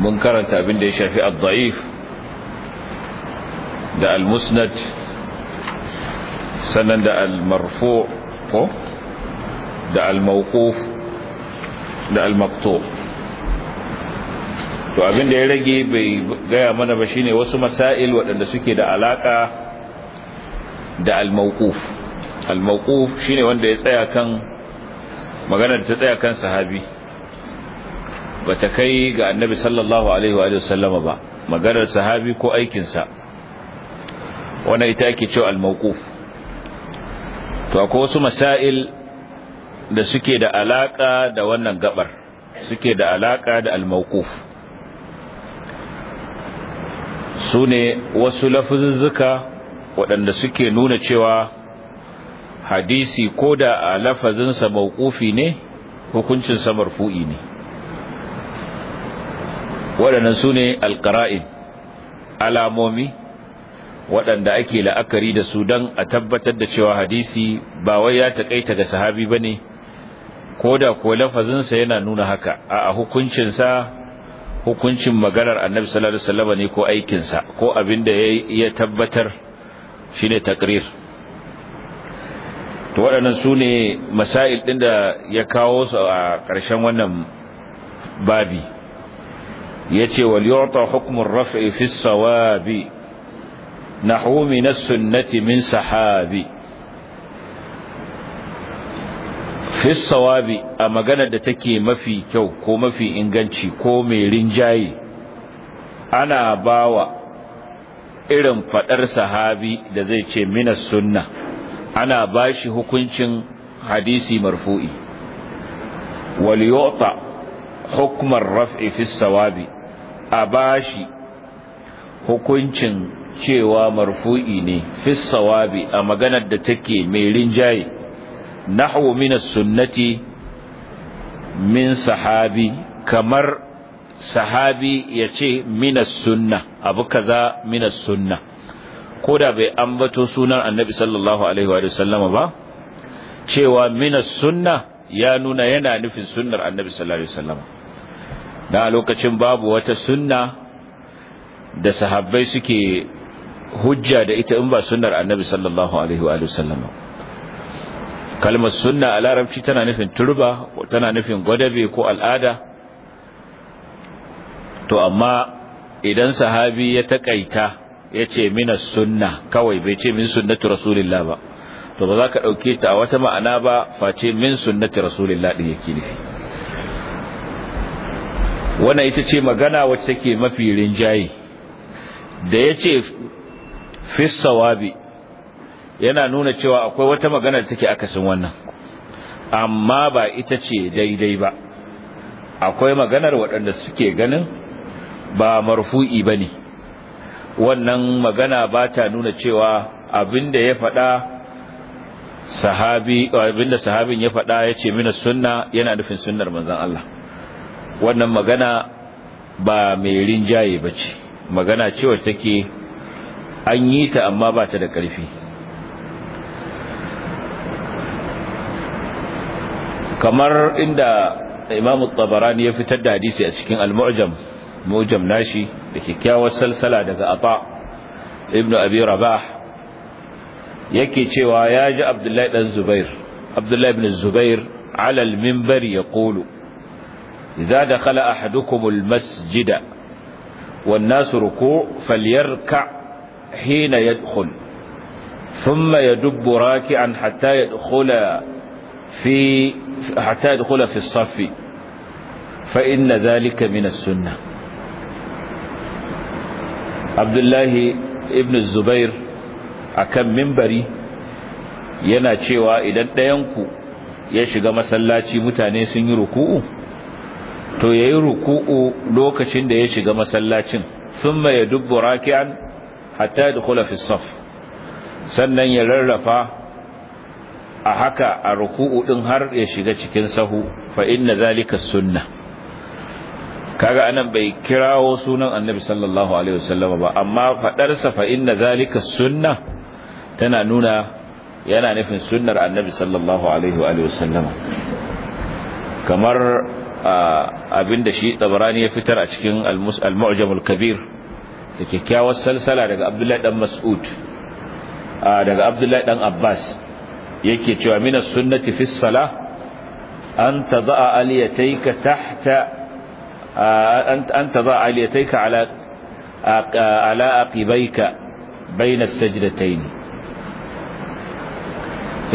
A: منكرا تابين دي شافي الضعيف الضعيف da al-musnad sannan da al-marfu ko da al-mawquf da al-maqtu to abin da ya rage bai gaya mana ba shine wasu masail waɗanda suke da alaka da al-mawquf al-mawquf shine wanda ya tsaya kan magana da ta tsaya kan sahabi bata kai ga annabi sallallahu alaihi wa sallama ba maganar sahabi ko aikinsa wannan ita ake cewa al-mawquf to akwai wasu masail da suke da alaka da wannan gabar suke da alaka da al-mawquf sune wasu lafuzuzzuka waɗanda suke nuna cewa hadisi ko da a lafazinsa mawqufi ne hukuncin sa marfu'i ne waɗannan sune al alƙara'in alamomi waɗanda ake la'akari da su don a tabbatar da cewa hadisi ba wai ya taƙaita ga sahabi ba ne ko da ko lafazinsa yana nuna haka a hukuncinsa hukuncin maganar annabi sallallahu alaihi ne ko aikinsa ko abin da ya tabbatar shine takrir to waɗannan su ne masail ɗin da ya kawo su a ƙarshen wannan babi ya ce wal yu'ta hukmun raf'i fi sawabi نحو من السنة من سحابي في الصواب أما قند تكي مفي كو كو مفي إنغانشي كو ميرنجاي Ana bawa irin faɗar sahabi da zai ce minas sunna ana bashi hukuncin hadisi marfu'i wal yu'ta hukmar raf'i fi a bashi hukuncin cewa marfu'i ne fi sawabi a maganar da take mai rinjaye nahwu min sunnati min sahabi kamar sahabi yace min sunna abu kaza min sunna koda bai ambato sunan annabi sallallahu alaihi wa sallama ba cewa min sunna ya nuna yana nufin sunnar annabi sallallahu alaihi wa sallama da lokacin babu wata sunna da sahabbai suke hujja da ita in ba sunnar annabi sallallahu alaihi wa sallama kalmar sunna a larabci tana nufin turba tana nufin gwadabe ko al'ada to amma idan sahabi ya takaita ya ce mina sunna kawai bai ce min sunnatu rasulillah ba to ba za ka ɗauke ta a wata ma'ana ba face min sunnatu rasulillah ɗin yake nufi wannan ita ce magana wacce take mafi rinjaye da ya ce fi sawabi yana nuna cewa akwai wata magana da take akasin wannan amma ba ita ce daidai ba akwai maganar waɗanda suke ganin ba marfu'i ne. wannan magana ba ta nuna cewa abinda ya faɗa sahabi abinda sahabin ya faɗa yace mina sunna yana nufin sunnar manzon Allah wannan magana ba mai rinjaye bace magana cewa take an yi ta amma ba ta da ƙarfi kamar inda imamu tabarani ya fitar da hadisi a cikin al-mu'jam mu'jam nashi da kyakkyawar salsala daga ata ibnu abi rabah yake cewa ya ji abdullahi dan zubair abdullahi ibn zubair ala al-minbar yaqulu idza dakhala ahadukum al-masjida wan-nas ruku' falyarka' hina yadkhul thumma yadubbu raki'an hatta yadkhula fi hatta fi as fa inna dhalika min as-sunnah Abdullahi ibn Zubair akan mimbari yana cewa idan ɗayanku ya shiga masallaci mutane sun yi ruku'u to yayi ruku'u lokacin da ya shiga masallacin thumma yadubbu raki'an hatta kula fi saf sannan ya rarrafa a haka a ruku'u din har ya shiga cikin sahu fa inna zalika sunna kaga anan bai kirawo sunan annabi sallallahu alaihi wasallam ba amma fadar sa fa inna zalika sunna tana nuna yana nufin sunnar annabi sallallahu alaihi wa wasallam kamar ah, abinda shi tabarani ya fitar a cikin al-mu'jamul kabir da kyakkyawar salsala daga abdullahi dan mas'ud daga abdullahi dan abbas yake cewa mina sunnati fi salah an tadha aliyataika tahta an tadha aliyataika ala ala aqibayka bayna sajdatayn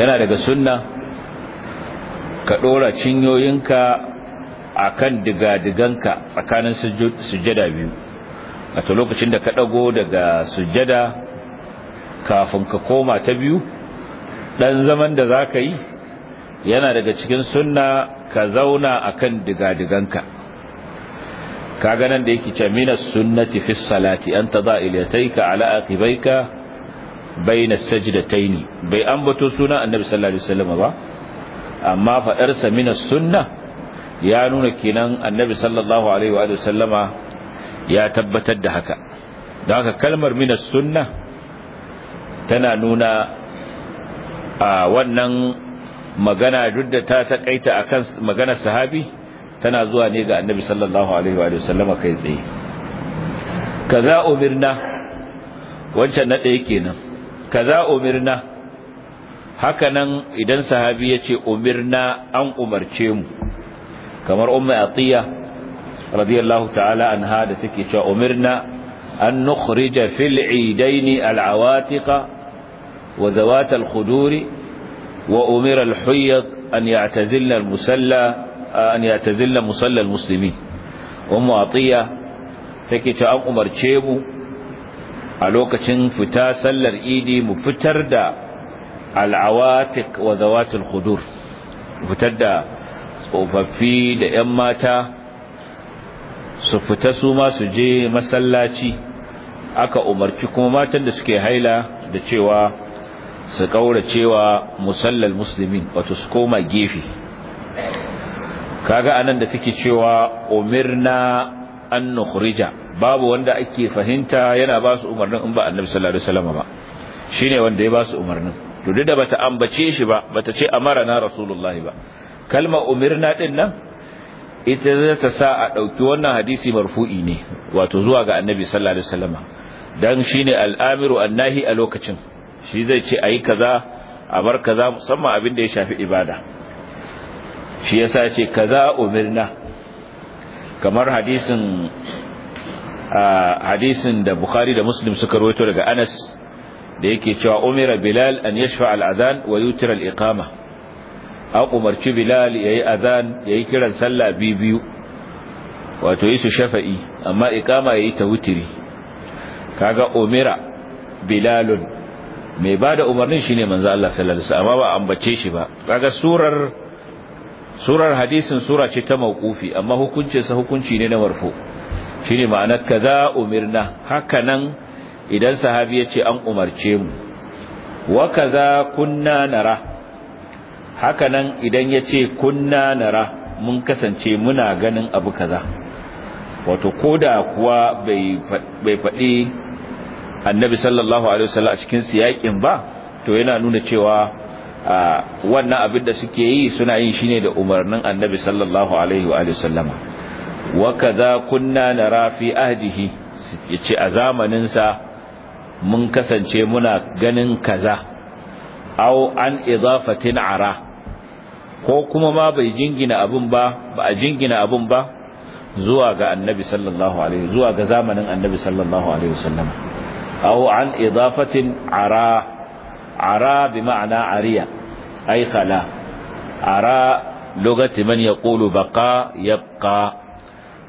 A: yana daga sunna ka dora cinyoyinka akan diga-diganka tsakanin sujada biyu a ta lokacin da ka ɗago daga sujjada kafin ka koma ta biyu dan zaman da za ka yi yana daga cikin sunna ka zauna akan digadiganka kaga nan da yake ce minas sunnati fi salati an tada ilayka ala aqibaika baina sajdataini bai ambato sunan annabi sallallahu alaihi ba amma faɗarsa sa sunna ya nuna kenan annabi sallallahu alaihi wa sallama ya tabbatar da haka da haka kalmar minas sunna tana nuna a wannan magana duk da ta a kan magana sahabi tana zuwa ne ga annabi sallallahu alaihi wa sallama kai tsaye kaza umirna wancan na ɗaya kenan kaza umirna haka nan idan sahabi ya ce umirna an umarce mu kamar umar atiya radiyallahu ta'ala anha da take cewa umirna an nukhrija fil idaini al'awatiqa wa zawat al-khuduri wa umira al-huyyad an ya'tazilna al-musalla an ya'tazilna musalla al-muslimin ummu atiya take cewa an umarce mu a lokacin fita sallar idi mu fitar da al'awatiq wa zawatul khudur fitar da tsofaffi da 'yan mata su fita su ma su je masallaci aka umarci kuma matan da suke haila da cewa su kaura cewa musallal muslimin wato su koma gefe kaga anan da take cewa umirna an nukhrija babu wanda ake fahimta yana ba su umarnin in ba annabi sallallahu alaihi wasallam ba shine wanda ya ba su umarnin to duk da bata ambace shi ba bata ce amara na rasulullahi ba kalma umirna din nan ita za ta sa a ɗauki wannan hadisi marfu'i ne wato zuwa ga annabi sallallahu alaihi wasallama dan shine al'amiru annahi a lokacin shi zai ce ayi kaza a bar kaza musamman abin da ya shafi ibada shi yasa ce kaza umirna kamar hadisin hadisin da Bukhari da Muslim suka rawaito daga Anas da yake cewa umira Bilal an yashfa al wa yutira al-iqama an umarci bilal ya yi azan ya yi kiran sallah biyu wato yi su shafa'i amma ikama ya yi ta wutiri kaga umira bilalun mai bada da umarnin shi ne manzo Allah sallallahu alaihi amma ba ambace shi ba kaga surar surar hadisin sura ce ta mauqufi amma hukunci sa hukunci ne na marfu shine ma'anar kaza umirna haka nan idan sahabi ya ce an umarce mu wa kaza kunna nara hakanan idan ya ce kunna nara mun kasance muna ganin abu kaza wato da kuwa bai faɗi annabi sallallahu alaihi wasallam a cikin siyakin ba to yana nuna cewa wannan abin da suke yi suna yin shine da umarnin annabi sallallahu alaihi wasallama wa kaza kunna nara fi ahdihi yace a zamaninsa mun kasance muna ganin kaza au an idafatin ara ko kuma ma bai jingina abin ba ba a jingina abin ba zuwa ga annabi sallallahu alaihi zuwa ga zamanin annabi sallallahu alaihi wasallam aw an idafatin ara ara bi ma'ana ariya ay khala ara lugati man yaqulu baqa yabqa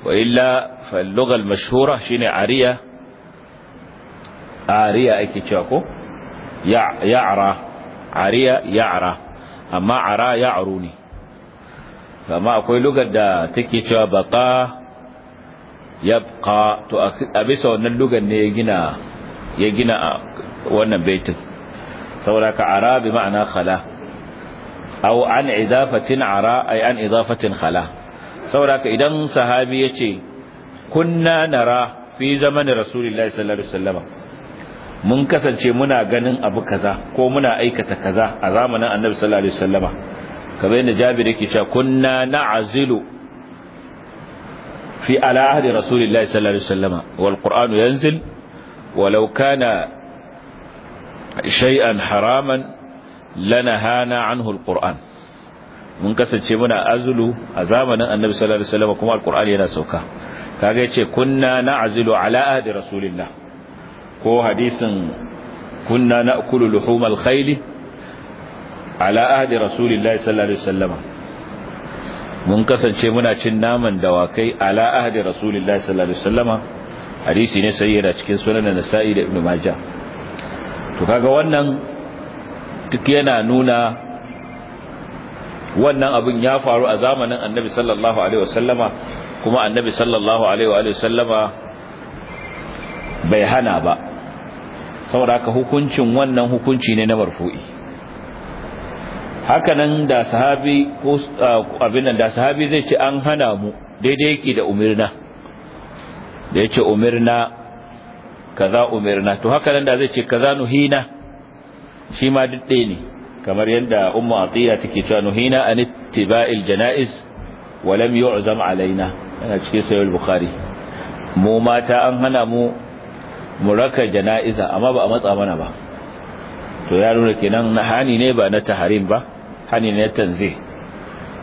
A: wa illa fa al-lugha al-mashhura shine ariya ariya ake cewa ko ya ya'ra ariya ya'ra amma ara ya aro ne amma akwai lugar da take cewa baqa yabqa to a bisa wannan lugar ne ya gina ya wannan baitin saboda ka ara bi ma'ana khala aw an idafatin ara ay an idafatin khala saboda idan sahabi ya ce kunna nara fi zamanin rasulullahi sallallahu alaihi wasallam mun kasance muna ganin abu kaza ko muna aikata kaza a zamanin annabi sallallahu alaihi wasallama kamar yadda jabir yake cewa kunna na'zilu fi ala ahdi rasulillahi sallallahu alaihi wasallama wal qur'anu yanzil walau kana shay'an haraman lanahana anhu al qur'an mun kasance muna azulu a zamanin annabi sallallahu alaihi wasallama kuma al qur'ani yana sauka kaga yace kunna na'zilu ala ahdi rasulillah ko hadisin kunna na'kulu luhumal khayli ala ahdi rasulillahi sallallahu alaihi wasallama mun kasance muna cin naman dawakai ala ahdi rasulillahi sallallahu alaihi wasallama hadisi ne sai yana cikin sunan nasa'i da ibnu majah to kaga wannan duk yana nuna wannan abin ya faru a zamanin annabi sallallahu alaihi wasallama kuma annabi sallallahu alaihi wa sallama bai hana ba saboda haka hukuncin wannan hukunci ne na marfu'i hakanan da sahabi ko abin nan da sahabi zai ce an hana mu daidai yake da umirna da yace umirna kaza umirna to hakanan da zai ce kaza nuhina shi ma duk ne kamar yadda ummu atiya take cewa nuhina an ittiba'il janaiz wa lam yu'zam alaina yana cikin sahih bukhari mu mata an hana mu mu raka jana'iza amma ba a matsa mana ba to ya nuna kenan hani ne ba na taharim ba hani ne tanzi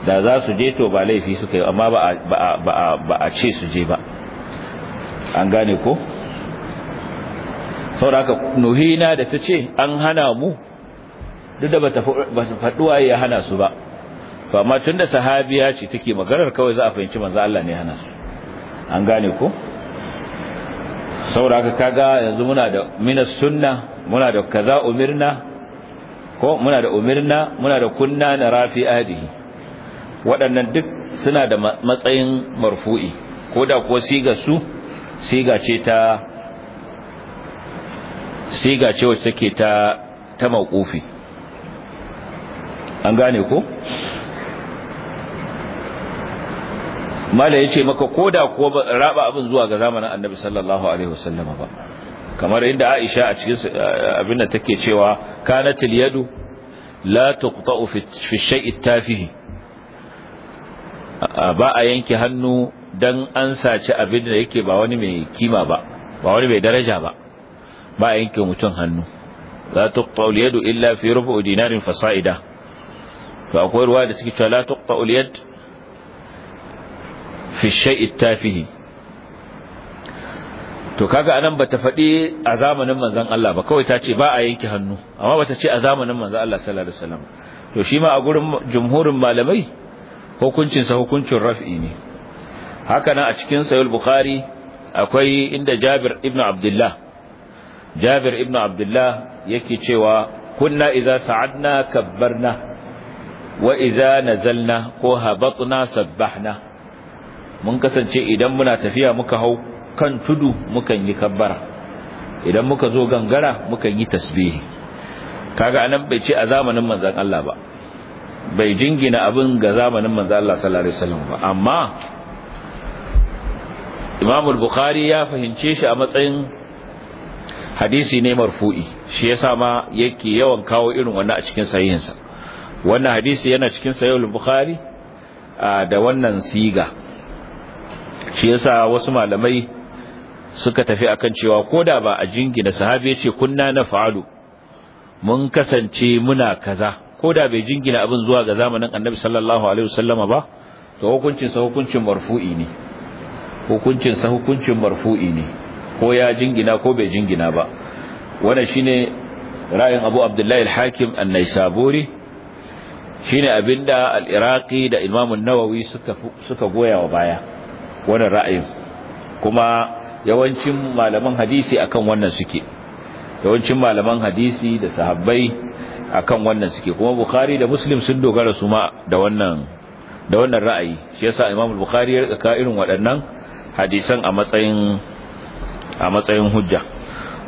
A: da za su je to ba laifi suka yi amma ba a ba ba a ce su je ba an gane ko sauraka nuhina da ta ce an hana mu duk da bata faduwa ya hana su ba to amma tunda sahabiya ce take maganar kawai za a fahimci manzo Allah ne hana su an gane ko saboda haka kaga yanzu muna da minas sunna muna da kaza umirna ko muna da umirna muna da kunna na rafi adihi waɗannan duk suna da matsayin marfu'i ko da ko siga su siga ce ta siga ce wacce take ta ta mauqufi an gane ko mala yace maka koda ko raba abin zuwa ga zamanin annabi sallallahu alaihi wasallama ba kamar inda Aisha a cikin eh, abin da take cewa kanatil yadu la tuqta'u fi shay'i tafihi ba a yanke hannu dan an saci abin da yake ba wani mai kima ba ba wani mai daraja ba ba a yanke mutum hannu la tuqta'u yadu illa fi rubu'i dinarin fasa'ida to akwai ruwa da suke cewa la tuqta'u yadu fi shay'it tafihi to kaga anan bata faɗi a zamanin manzon Allah ba kawai ta ce ba a yanke hannu amma bata ce a zamanin manzon Allah sallallahu alaihi wasallam to shi ma a gurin jumhurin malamai hukuncin sa hukuncin raf'i ne haka nan a cikin sahih bukhari akwai inda Jabir ibn Abdullah Jabir ibn Abdullah yake cewa kunna idza sa'adna kabbarna wa idza nazalna ko habatna sabbahna mun kasance idan muna tafiya muka hau kan tudu mukan yi kabbara idan muka zo gangara mukan yi tasbihi kaga anan bai ce a zamanin manzon Allah ba bai jingina abin ga zamanin manzon Allah sallallahu alaihi wasallam ba amma Imam al-Bukhari ya fahimce shi a matsayin hadisi ne marfu'i shi yasa ma yake yawan kawo irin wannan a cikin sahihinsa wannan hadisi yana cikin sahihul bukhari da wannan siga shi yasa wasu malamai suka tafi akan cewa koda ba a jingina sahabi yace kunna na fa'alu mun kasance muna kaza koda bai jingina abin zuwa ga zamanin annabi sallallahu alaihi wasallama ba to hukuncin sa hukuncin marfu'i ne hukuncin sa hukuncin marfu'i ne ko ya jingina ko bai jingina ba wannan shine ra'ayin Abu Abdullahi al-Hakim an-Naisaburi shine abinda al-Iraqi da Imam an-Nawawi suka suka goya wa baya wannan ra'ayin kuma yawancin malaman hadisi akan wannan suke yawancin malaman hadisi da sahabbai akan wannan suke kuma bukhari da muslim sun dogara su ma da wannan da wannan ra'ayi shi yasa imam bukhari ya rika irin waɗannan hadisan a matsayin a matsayin hujja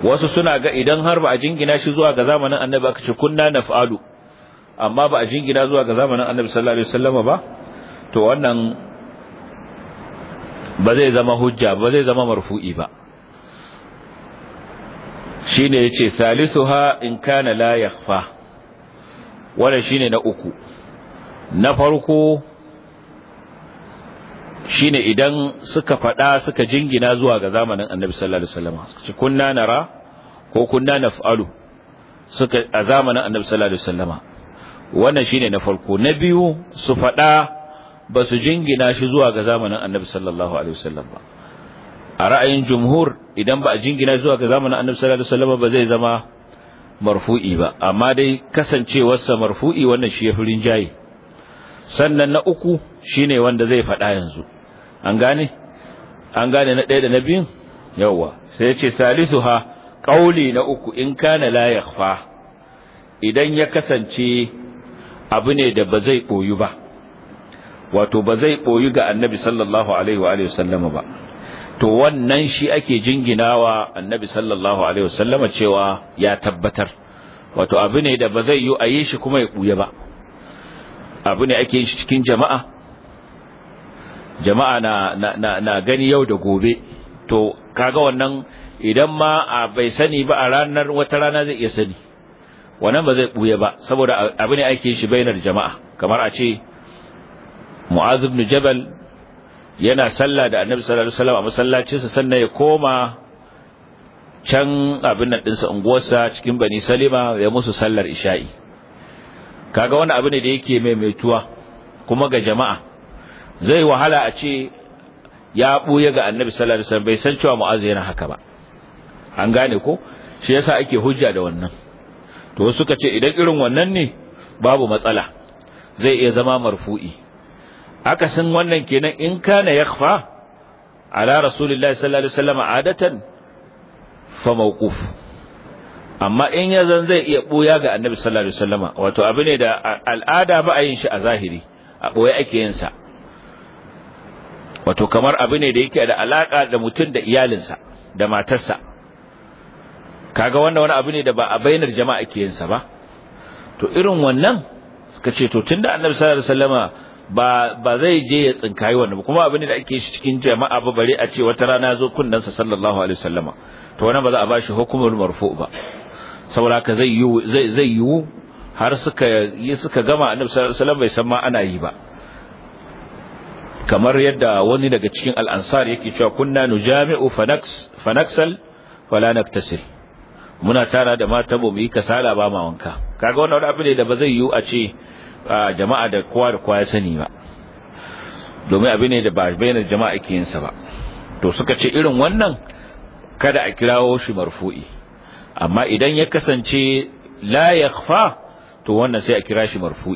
A: wasu suna ga idan har ba a jingina shi zuwa ga zamanin annabi aka ce kunna naf'alu amma ba a jingina zuwa ga zamanin annabi sallallahu alaihi wasallam ba to wannan ba zai zama hujja ba zai zama marfu'i ba shine yace salisuha in kana la yakhfa wala shine na uku na farko shine idan suka fada suka jingina zuwa ga zamanin Annabi sallallahu alaihi wasallam kunna nara ko kunna naf'alu suka a zamanin Annabi sallallahu alaihi wasallam wannan shine na farko na biyu su fada ba su jingina shi zuwa ga zamanin annabi sallallahu alaihi wasallam ba a ra'ayin jumhur idan ba a jingina zuwa ga zamanin annabi sallallahu alaihi wasallam ba zai zama marfu'i ba amma dai kasancewarsa marfu'i wannan shi yafi fi rinjaye sannan na uku shine wanda zai faɗa yanzu an gane an gane na ɗaya da na biyu yawwa sai yace salisu ha ƙauli na uku in kana la yakhfa idan ya kasance abu ne da ba zai koyu ba wato ba zai boyi ga annabi sallallahu alaihi wa alihi sallama ba to wannan shi ake jinginawa annabi sallallahu alaihi sallama cewa ya tabbatar wato abu ne da ba zai yi a shi kuma ya buye ba abu ne ake shi cikin jama'a jama'a na na gani yau da gobe to kaga wannan idan ma a bai sani ba a ranar wata rana zai iya sani wannan ba zai buya ba saboda abu ne ake shi bainar jama'a kamar a ce mu'az ibn jabal yana sallah da annabi sallallahu alaihi wasallam a masallacinsa sannan ya koma can abin nan dinsa unguwarsa cikin bani salima ya musu sallar isha'i kaga wani abu ne da yake maimaituwa kuma ga jama'a zai wahala a ce ya buye ga annabi sallallahu alaihi wasallam bai san cewa mu'az yana haka ba an gane ko shi yasa ake hujja da wannan to suka ce idan irin wannan ne babu matsala zai iya zama marfu'i akasin wannan kenan in kana yakhfa ala rasulillahi sallallahu alaihi wasallam adatan fa mawquf amma in ya zan zai iya boya ga annabi sallallahu alaihi wasallam wato abu ne da al'ada ba a yin shi a zahiri a boye ake yin sa wato kamar abu ne da yake da alaka da mutum da iyalinsa da matarsa kaga wannan wani abu ne da ba a bainar jama'a ake yin sa ba to irin wannan suka ce to tunda annabi sallallahu alaihi wasallam ba ba zai je ya tsinkayi wannan kuma abin da ake shi cikin jama'a ba bare a ce wata rana zo kunnan sa sallallahu alaihi wasallama to wannan ba za a bashi hukumul marfu ba saboda ka zai yi zai zai yi har suka yi suka gama annabi sallallahu alaihi wasallam bai san ma ana yi ba kamar yadda wani daga cikin al-ansar yake cewa kunna nujami'u fanaks fanaksal wala naktasil muna tara da mata mu yi kasala ba ma wanka kaga wannan abin da ba zai yi a ce jama'a da kowa da kowa ya sani ba domin abin ne da ba bayanar jama'a ake yin sa ba to suka ce irin wannan kada a kirawo shi marfu'i amma idan ya kasance la yakhfa to wannan sai a kira shi marfu'i